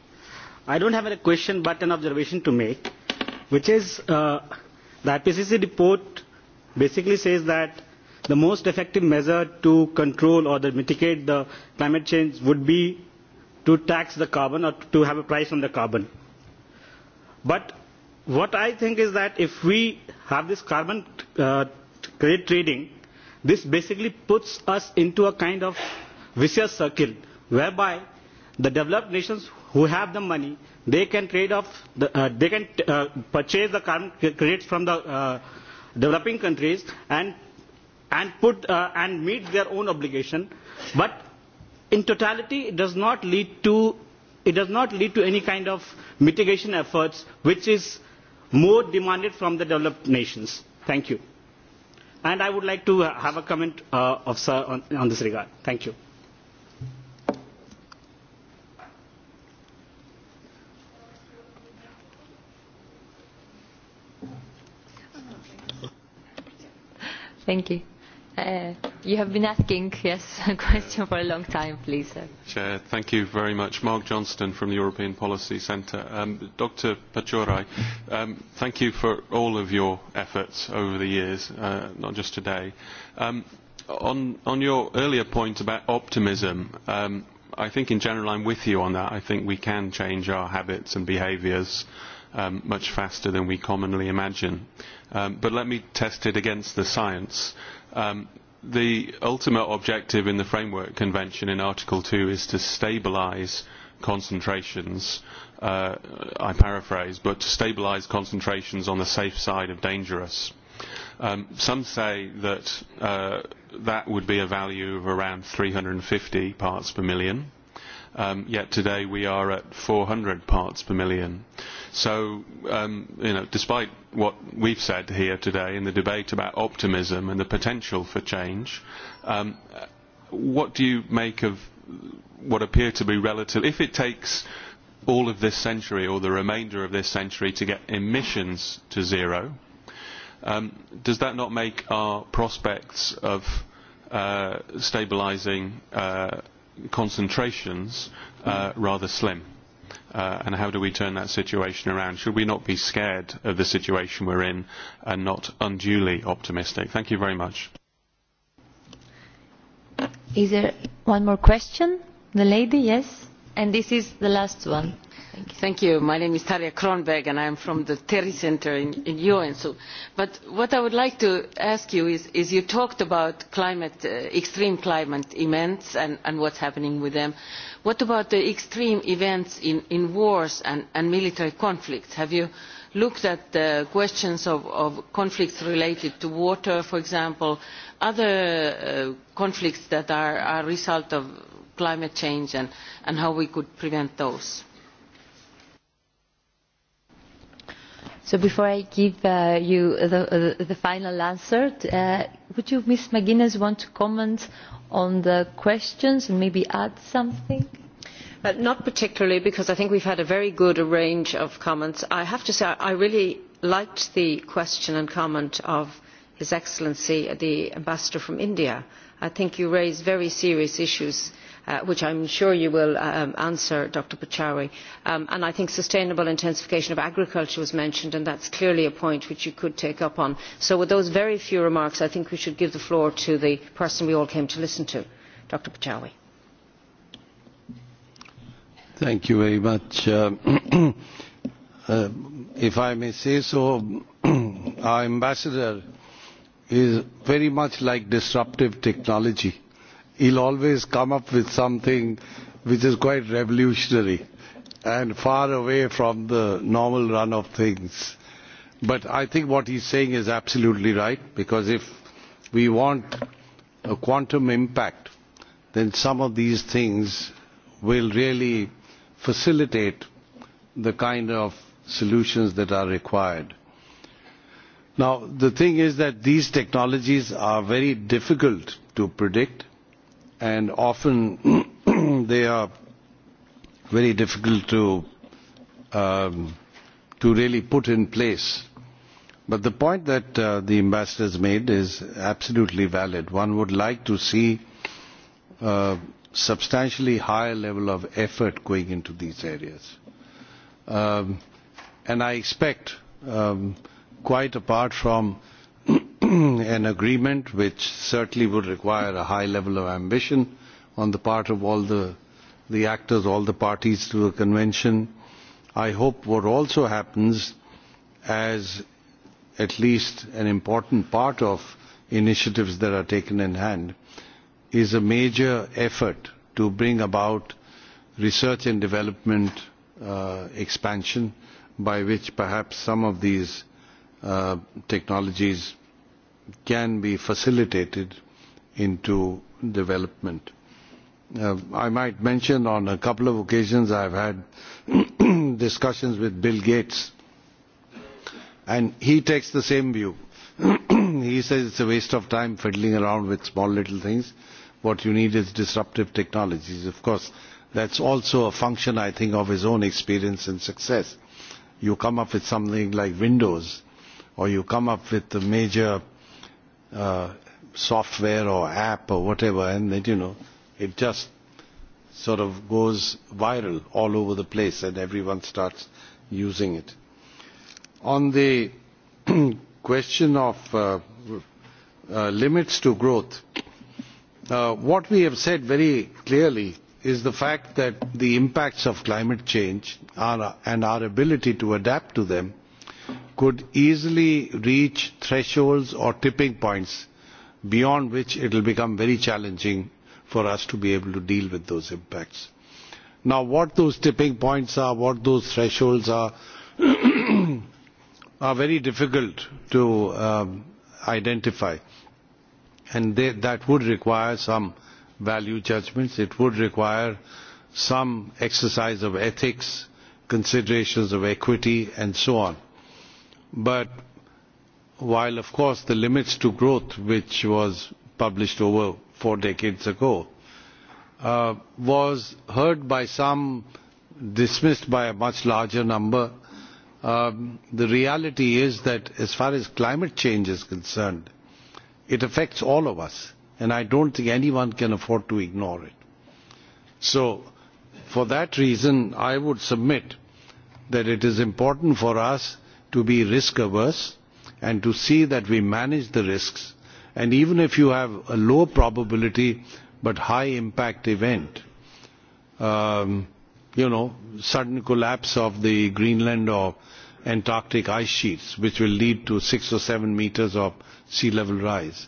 I don't have a question but an observation to make, which is uh, the IPCC report basically says that the most effective measure to control or to mitigate the climate change would be to tax the carbon or to have a price on the carbon. But what I think is that if we have this carbon uh, credit trading, this basically puts us into a kind of vicious circle whereby the developed nations who have the money, they can trade off, the, uh, they can uh, purchase the carbon credits from the uh, developing countries and and put uh, and meet their own obligation but in totality it does not lead to it does not lead to any kind of mitigation efforts which is more demanded from the developed nations thank you and i would like to have a comment uh, of sir on, on this regard thank you thank you Eh, you have been asking yes a question for a long time please thank you very much mark johnston from the european policy centre um, dr pachorai um, thank you for all of your efforts over the years uh, not just today um, on your earlier point about optimism i think in general i'm with you on that i think we can change our habits and behaviours much faster than we commonly imagine but let me test it against the science Um, the ultimate objective in the Framework Convention in Article 2 is to stabilise concentrations, uh, I paraphrase, but to stabilise concentrations on the safe side of dangerous. Um, some say that uh, that would be a value of around 350 parts per million um, yet today we are at 400 parts per million. So, um, you know, despite what we've said here today in the debate about optimism and the potential for change, um, what do you make of what appear to be relative, if it takes all of this century or the remainder of this century to get emissions to zero, um, does that not make our prospects of uh, stabilising uh, concentrations uh, rather slim. Uh, and how do we turn that situation around? Should we not be scared of the situation we're in and not unduly optimistic? Thank you very much. Is there one more question? The lady, yes? And this is the last one. My name is tarja Kronberg and I am from the Terry Centre in, UN. Joensuu. But what I would like to ask you is, you talked about uh, extreme climate events and, what is happening with them. What about the extreme events in, wars and, military conflicts? Have you looked at the questions of, conflicts related to water, for example, other uh, conflicts that are a result of climate change and how we could prevent those? So before I give uh, you the, uh, the, final answer, uh, would you, Ms. McGuinness, want to comment on the questions and maybe add something? uh, not particularly, because I think we've had a very good range of comments. I have to say I really liked the question and comment of His Excellency the Ambassador from India. I think you raise very serious issues Uh, which I am sure you will uh, um, answer, Dr Pachauri. Um, and I think sustainable intensification of agriculture was mentioned and that is clearly a point which you could take up on. So with those very few remarks, I think we should give the floor to the person we all came to listen to, Dr Pachauri. Thank you very much. Uh, if I may say so, our ambassador is very much like disruptive technology he'll always come up with something which is quite revolutionary and far away from the normal run of things. But I think what he's saying is absolutely right, because if we want a quantum impact, then some of these things will really facilitate the kind of solutions that are required. Now, the thing is that these technologies are very difficult to predict and often they are very difficult to um, to really put in place. But the point that uh, the ambassador has made is absolutely valid. One would like to see a substantially higher level of effort going into these areas. Um, and I expect, um, quite apart from an agreement which certainly would require a high level of ambition on the part of all the, the actors, all the parties to the convention. I hope what also happens as at least an important part of initiatives that are taken in hand is a major effort to bring about research and development uh, expansion by which perhaps some of these uh, technologies can be facilitated into development. Uh, I might mention on a couple of occasions I have had discussions with Bill Gates and he takes the same view. he says it's a waste of time fiddling around with small little things. What you need is disruptive technologies. Of course, that's also a function, I think, of his own experience and success. You come up with something like Windows or you come up with a major Uh, software or app or whatever and that you know it just sort of goes viral all over the place and everyone starts using it on the question of uh, uh, limits to growth what we have said very clearly is the fact that the impacts of climate change are, and our ability to adapt to them could easily reach thresholds or tipping points beyond which it will become very challenging for us to be able to deal with those impacts. Now what those tipping points are, what those thresholds are, are very difficult to um, identify and that would require some value judgments, it would require some exercise of ethics, considerations of equity and so on but while of course the limits to growth which was published over four decades ago uh, was heard by some dismissed by a much larger number um, the reality is that as far as climate change is concerned it affects all of us and i don't think anyone can afford to ignore it so for that reason i would submit that it is important for us to be risk averse and to see that we manage the risks and even if you have a low probability but high impact event um, you know sudden collapse of the greenland or antarctic ice sheets which will lead to six or seven meters of sea level rise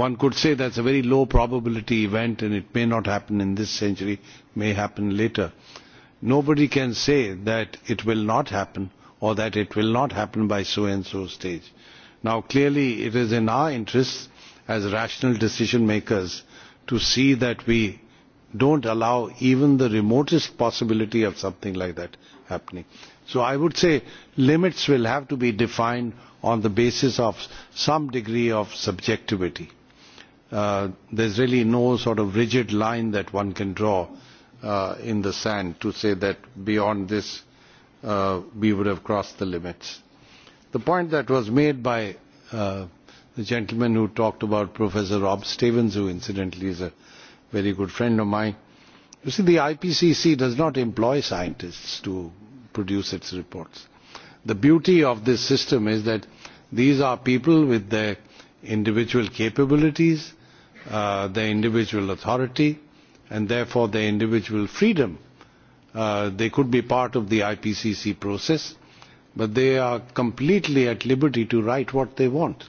one could say that's a very low probability event and it may not happen in this century may happen later nobody can say that it will not happen or that it will not happen by so and so stage. Now clearly it is in our interests as rational decision makers to see that we don't allow even the remotest possibility of something like that happening. So I would say limits will have to be defined on the basis of some degree of subjectivity. Uh, There is really no sort of rigid line that one can draw uh, in the sand to say that beyond this Uh, we would have crossed the limits. The point that was made by uh, the gentleman who talked about Professor Rob Stevens, who incidentally is a very good friend of mine, you see the IPCC does not employ scientists to produce its reports. The beauty of this system is that these are people with their individual capabilities, uh, their individual authority, and therefore their individual freedom Uh, they could be part of the IPCC process, but they are completely at liberty to write what they want.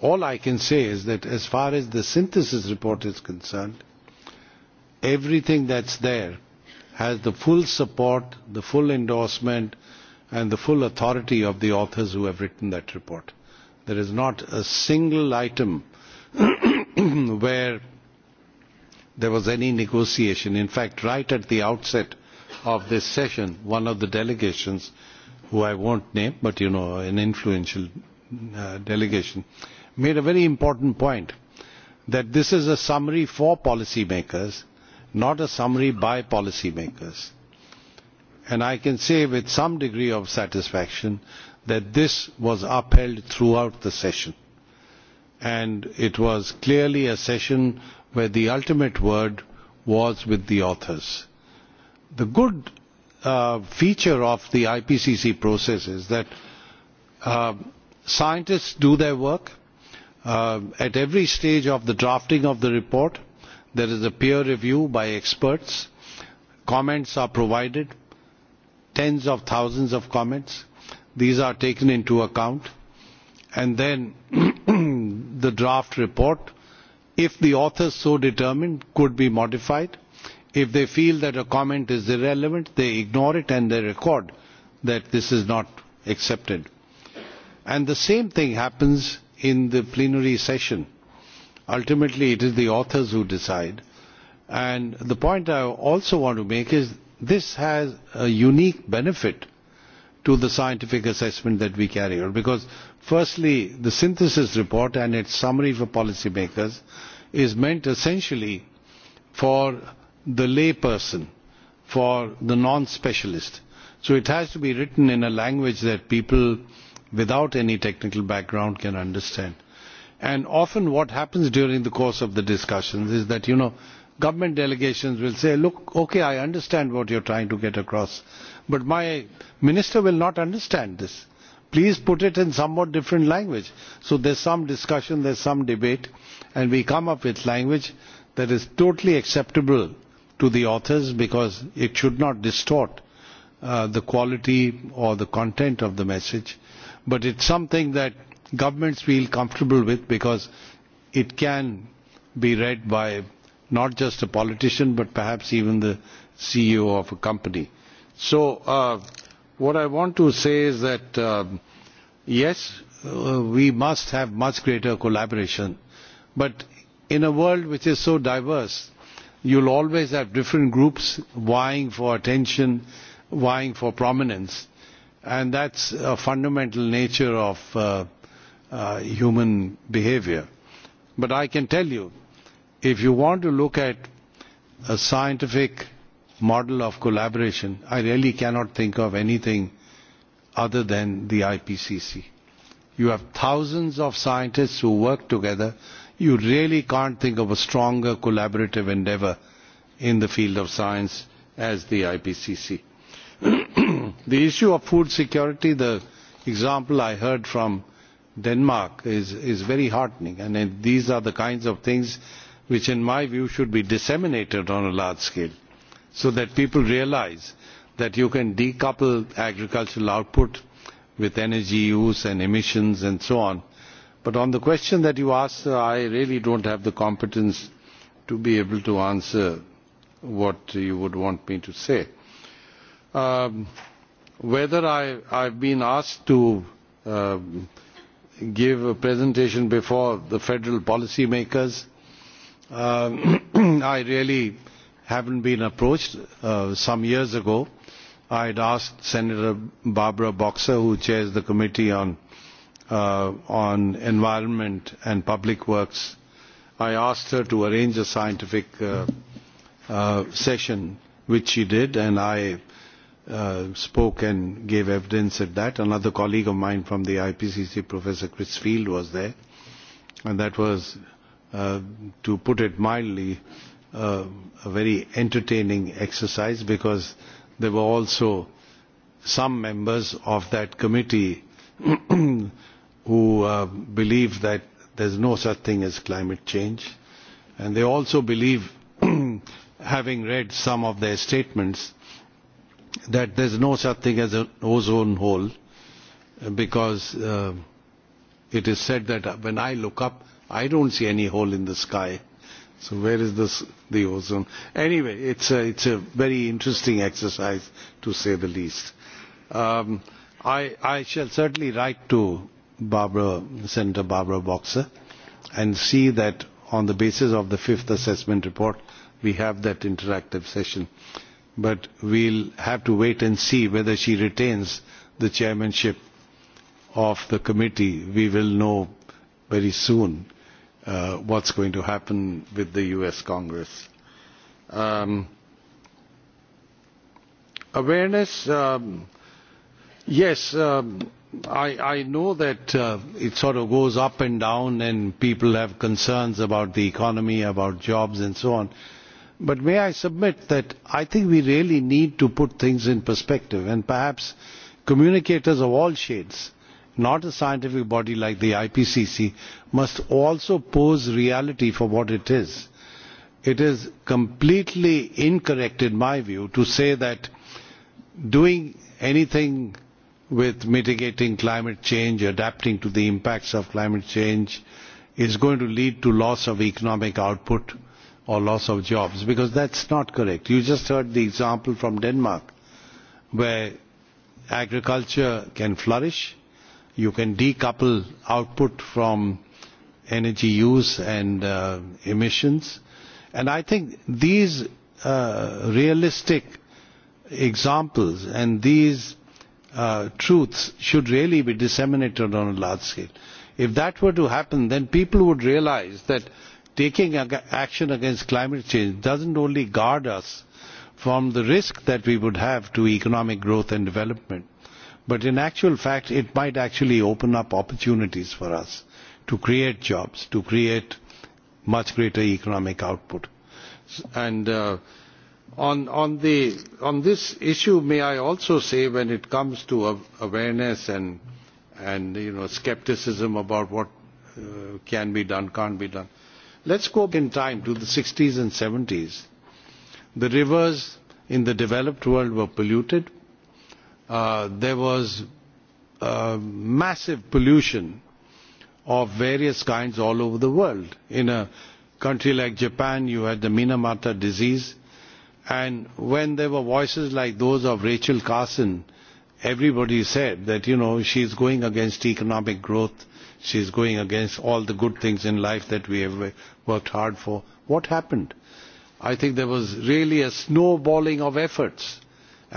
All I can say is that as far as the synthesis report is concerned, everything that's there has the full support, the full endorsement, and the full authority of the authors who have written that report. There is not a single item where there was any negotiation. In fact, right at the outset, of this session, one of the delegations, who I won't name, but you know, an influential uh, delegation, made a very important point that this is a summary for policymakers, not a summary by policymakers. And I can say with some degree of satisfaction that this was upheld throughout the session. And it was clearly a session where the ultimate word was with the authors the good uh, feature of the IPCC process is that uh, scientists do their work. Uh, at every stage of the drafting of the report, there is a peer review by experts. Comments are provided, tens of thousands of comments. These are taken into account. And then the draft report, if the authors so determined, could be modified If they feel that a comment is irrelevant, they ignore it and they record that this is not accepted. And the same thing happens in the plenary session. Ultimately, it is the authors who decide. And the point I also want to make is this has a unique benefit to the scientific assessment that we carry out because firstly the synthesis report and its summary for policymakers is meant essentially for the layperson for the non specialist so it has to be written in a language that people without any technical background can understand and often what happens during the course of the discussions is that you know government delegations will say look okay i understand what you're trying to get across but my minister will not understand this please put it in somewhat different language so there's some discussion there's some debate and we come up with language that is totally acceptable to the authors because it should not distort uh, the quality or the content of the message but it's something that governments feel comfortable with because it can be read by not just a politician but perhaps even the CEO of a company. So uh, what I want to say is that uh, yes, uh, we must have much greater collaboration, but in a world which is so diverse, you will always have different groups vying for attention vying for prominence and that is a fundamental nature of uh, uh, human behaviour. but i can tell you if you want to look at a scientific model of collaboration i really cannot think of anything other than the ipcc. you have thousands of scientists who work together you really can't think of a stronger collaborative endeavour in the field of science as the ipcc. the issue of food security the example i heard from denmark is, is very heartening and these are the kinds of things which in my view should be disseminated on a large scale so that people realise that you can decouple agricultural output with energy use and emissions and so on But on the question that you asked, I really don't have the competence to be able to answer what you would want me to say. Um, whether I I've been asked to um, give a presentation before the federal policymakers, um, I really haven't been approached. Uh, some years ago, I'd asked Senator Barbara Boxer, who chairs the Committee on uh, on environment and public works i asked her to arrange a scientific uh, uh, session which she did and i uh, spoke and gave evidence at that another colleague of mine from the ipcc professor chris field was there and that was to put it mildly Uh, a very entertaining exercise because there were also some members of that committee who uh, believe that there is no such thing as climate change and they also believe having read some of their statements that there is no such thing as an ozone hole uh, because uh, it is said that when I look up I don't see any hole in the sky so where is this the ozone anyway it's a, it's a very interesting exercise to say the least um, I, I shall certainly write to Barbara, Senator Barbara Boxer and see that on the basis of the fifth assessment report we have that interactive session. But we'll have to wait and see whether she retains the chairmanship of the committee. We will know very soon uh, what's going to happen with the US Congress. Um, awareness, um, yes, um, i, I know that uh, it sort of goes up and down and people have concerns about the economy, about jobs and so on. But may I submit that I think we really need to put things in perspective and perhaps communicators of all shades, not a scientific body like the IPCC, must also pose reality for what it is. It is completely incorrect, in my view, to say that doing anything with mitigating climate change, adapting to the impacts of climate change, is going to lead to loss of economic output or loss of jobs, because that's not correct. You just heard the example from Denmark, where agriculture can flourish, you can decouple output from energy use and uh, emissions. And I think these uh, realistic examples and these uh, truths should really be disseminated on a large scale. If that were to happen, then people would realize that taking action against climate change doesn't only guard us from the risk that we would have to economic growth and development, but in actual fact it might actually open up opportunities for us to create jobs, to create much greater economic output. And uh, on on the on this issue may i also say when it comes to awareness and and about what uh, can be done can't be done let's go back in time to the sixties s and 70s the rivers in the developed world were polluted uh, there was massive pollution of various kinds all over the world in a country like japan you had the minamata disease and when there were voices like those of Rachel Carson everybody said that you know she's going against economic growth she is going against all the good things in life that we have worked hard for what happened i think there was really a snowballing of efforts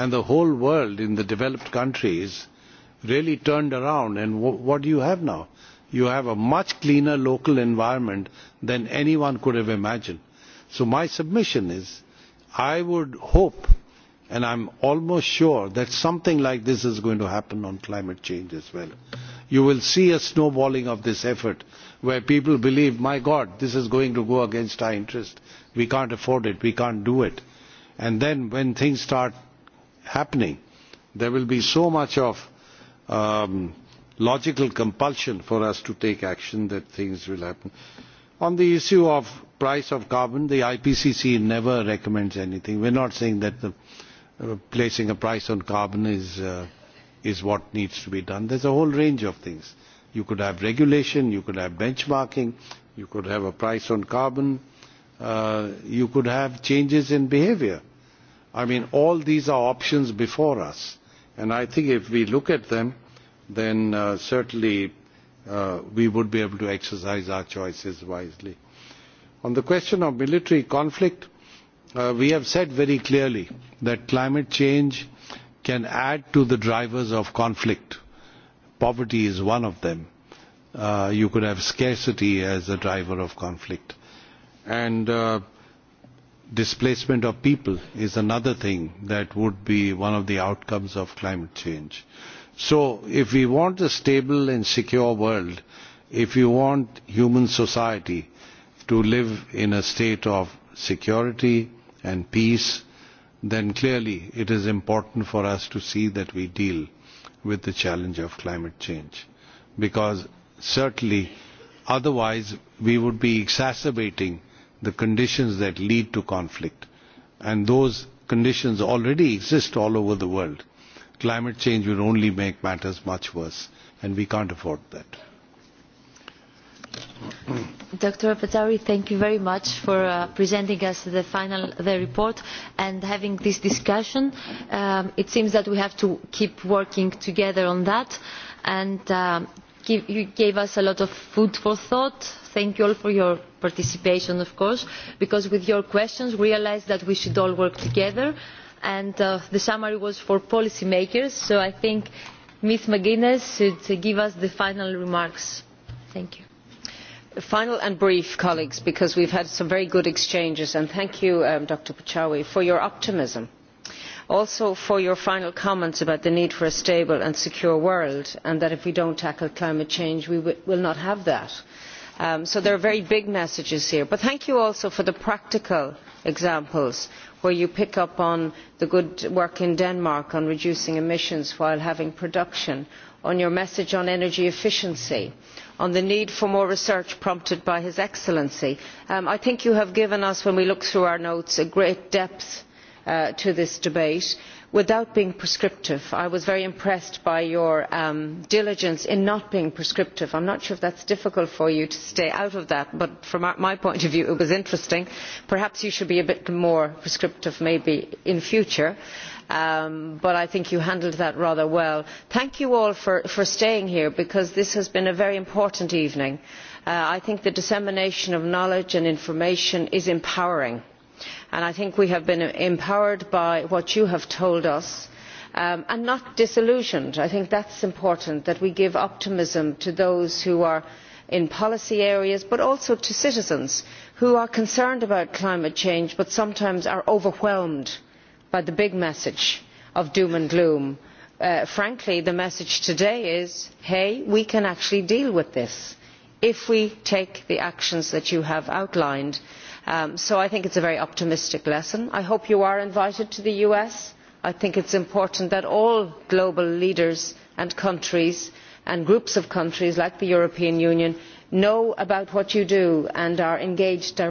and the whole world in the developed countries really turned around and what do you have now you have a much cleaner local environment than anyone could have imagined so my submission is i would hope and i am almost sure that something like this is going to happen on climate change as well. you will see a snowballing of this effort where people believe my god this is going to go against our interest we can't afford it we can't do it and then when things start happening there will be so much of um, logical compulsion for us to take action that things will happen. on the issue of price of carbon the ipcc never recommends anything we are not saying that the, uh, placing a price on carbon is uh, is what needs to be done there's a whole range of things you could have regulation you could have benchmarking you could have a price on carbon uh, you could have changes in behavior i mean all these are options before us and i think if we look at them then uh, certainly uh, we would be able to exercise our choices wisely on the question of military conflict uh, we have said very clearly that climate change can add to the drivers of conflict poverty is one of them uh, you could have scarcity as a driver of conflict and uh, displacement of people is another thing that would be one of the outcomes of climate change so if we want a stable and secure world if we want human society to live in a state of security and peace then clearly it is important for us to see that we deal with the challenge of climate change because certainly otherwise we would be exacerbating the conditions that lead to conflict and those conditions already exist all over the world. Climate change will only make matters much worse and we can't afford that. Dr. Patari, thank you very much for uh, presenting us the final report and having this discussion. Um, it seems that we have to keep working together on that and um, you gave us a lot of food for thought. Thank you all for your participation, of course, because with your questions we realised that we should all work together and uh, the summary was for policy makers, so I think Ms. McGuinness should give us the final remarks. Thank you final and brief colleagues because we have had some very good exchanges and thank you um, dr pachauri for your optimism also for your final comments about the need for a stable and secure world and that if we do not tackle climate change we will not have that. Um, so there are very big messages here but thank you also for the practical examples where you pick up on the good work in denmark on reducing emissions while having production on your message on energy efficiency and on the need for more research prompted by his excellency. Um, i think you have given us when we look through our notes a great depth uh, to this debate without being prescriptive. i was very impressed by your um, diligence in not being prescriptive. i am not sure if it is difficult for you to stay out of that but from my point of view it was interesting. perhaps you should be a bit more prescriptive maybe in future. Um, but i think you handled that rather well. thank you all for, staying here because this has been a very important evening. Uh, i think the dissemination of knowledge and information is empowering and i think we have been empowered by what you have told us um, and not disillusioned. i think it is important that we give optimism to those who are in policy areas but also to citizens who are concerned about climate change but sometimes are overwhelmed by the big message of doom and gloom. Uh, frankly the message today is hey we can actually deal with this if we take the actions that you have outlined. Um, so i think it is a very optimistic lesson. i hope you are invited to the us. i think it is important that all global leaders and countries and groups of countries like the european union know about what you do and are engaged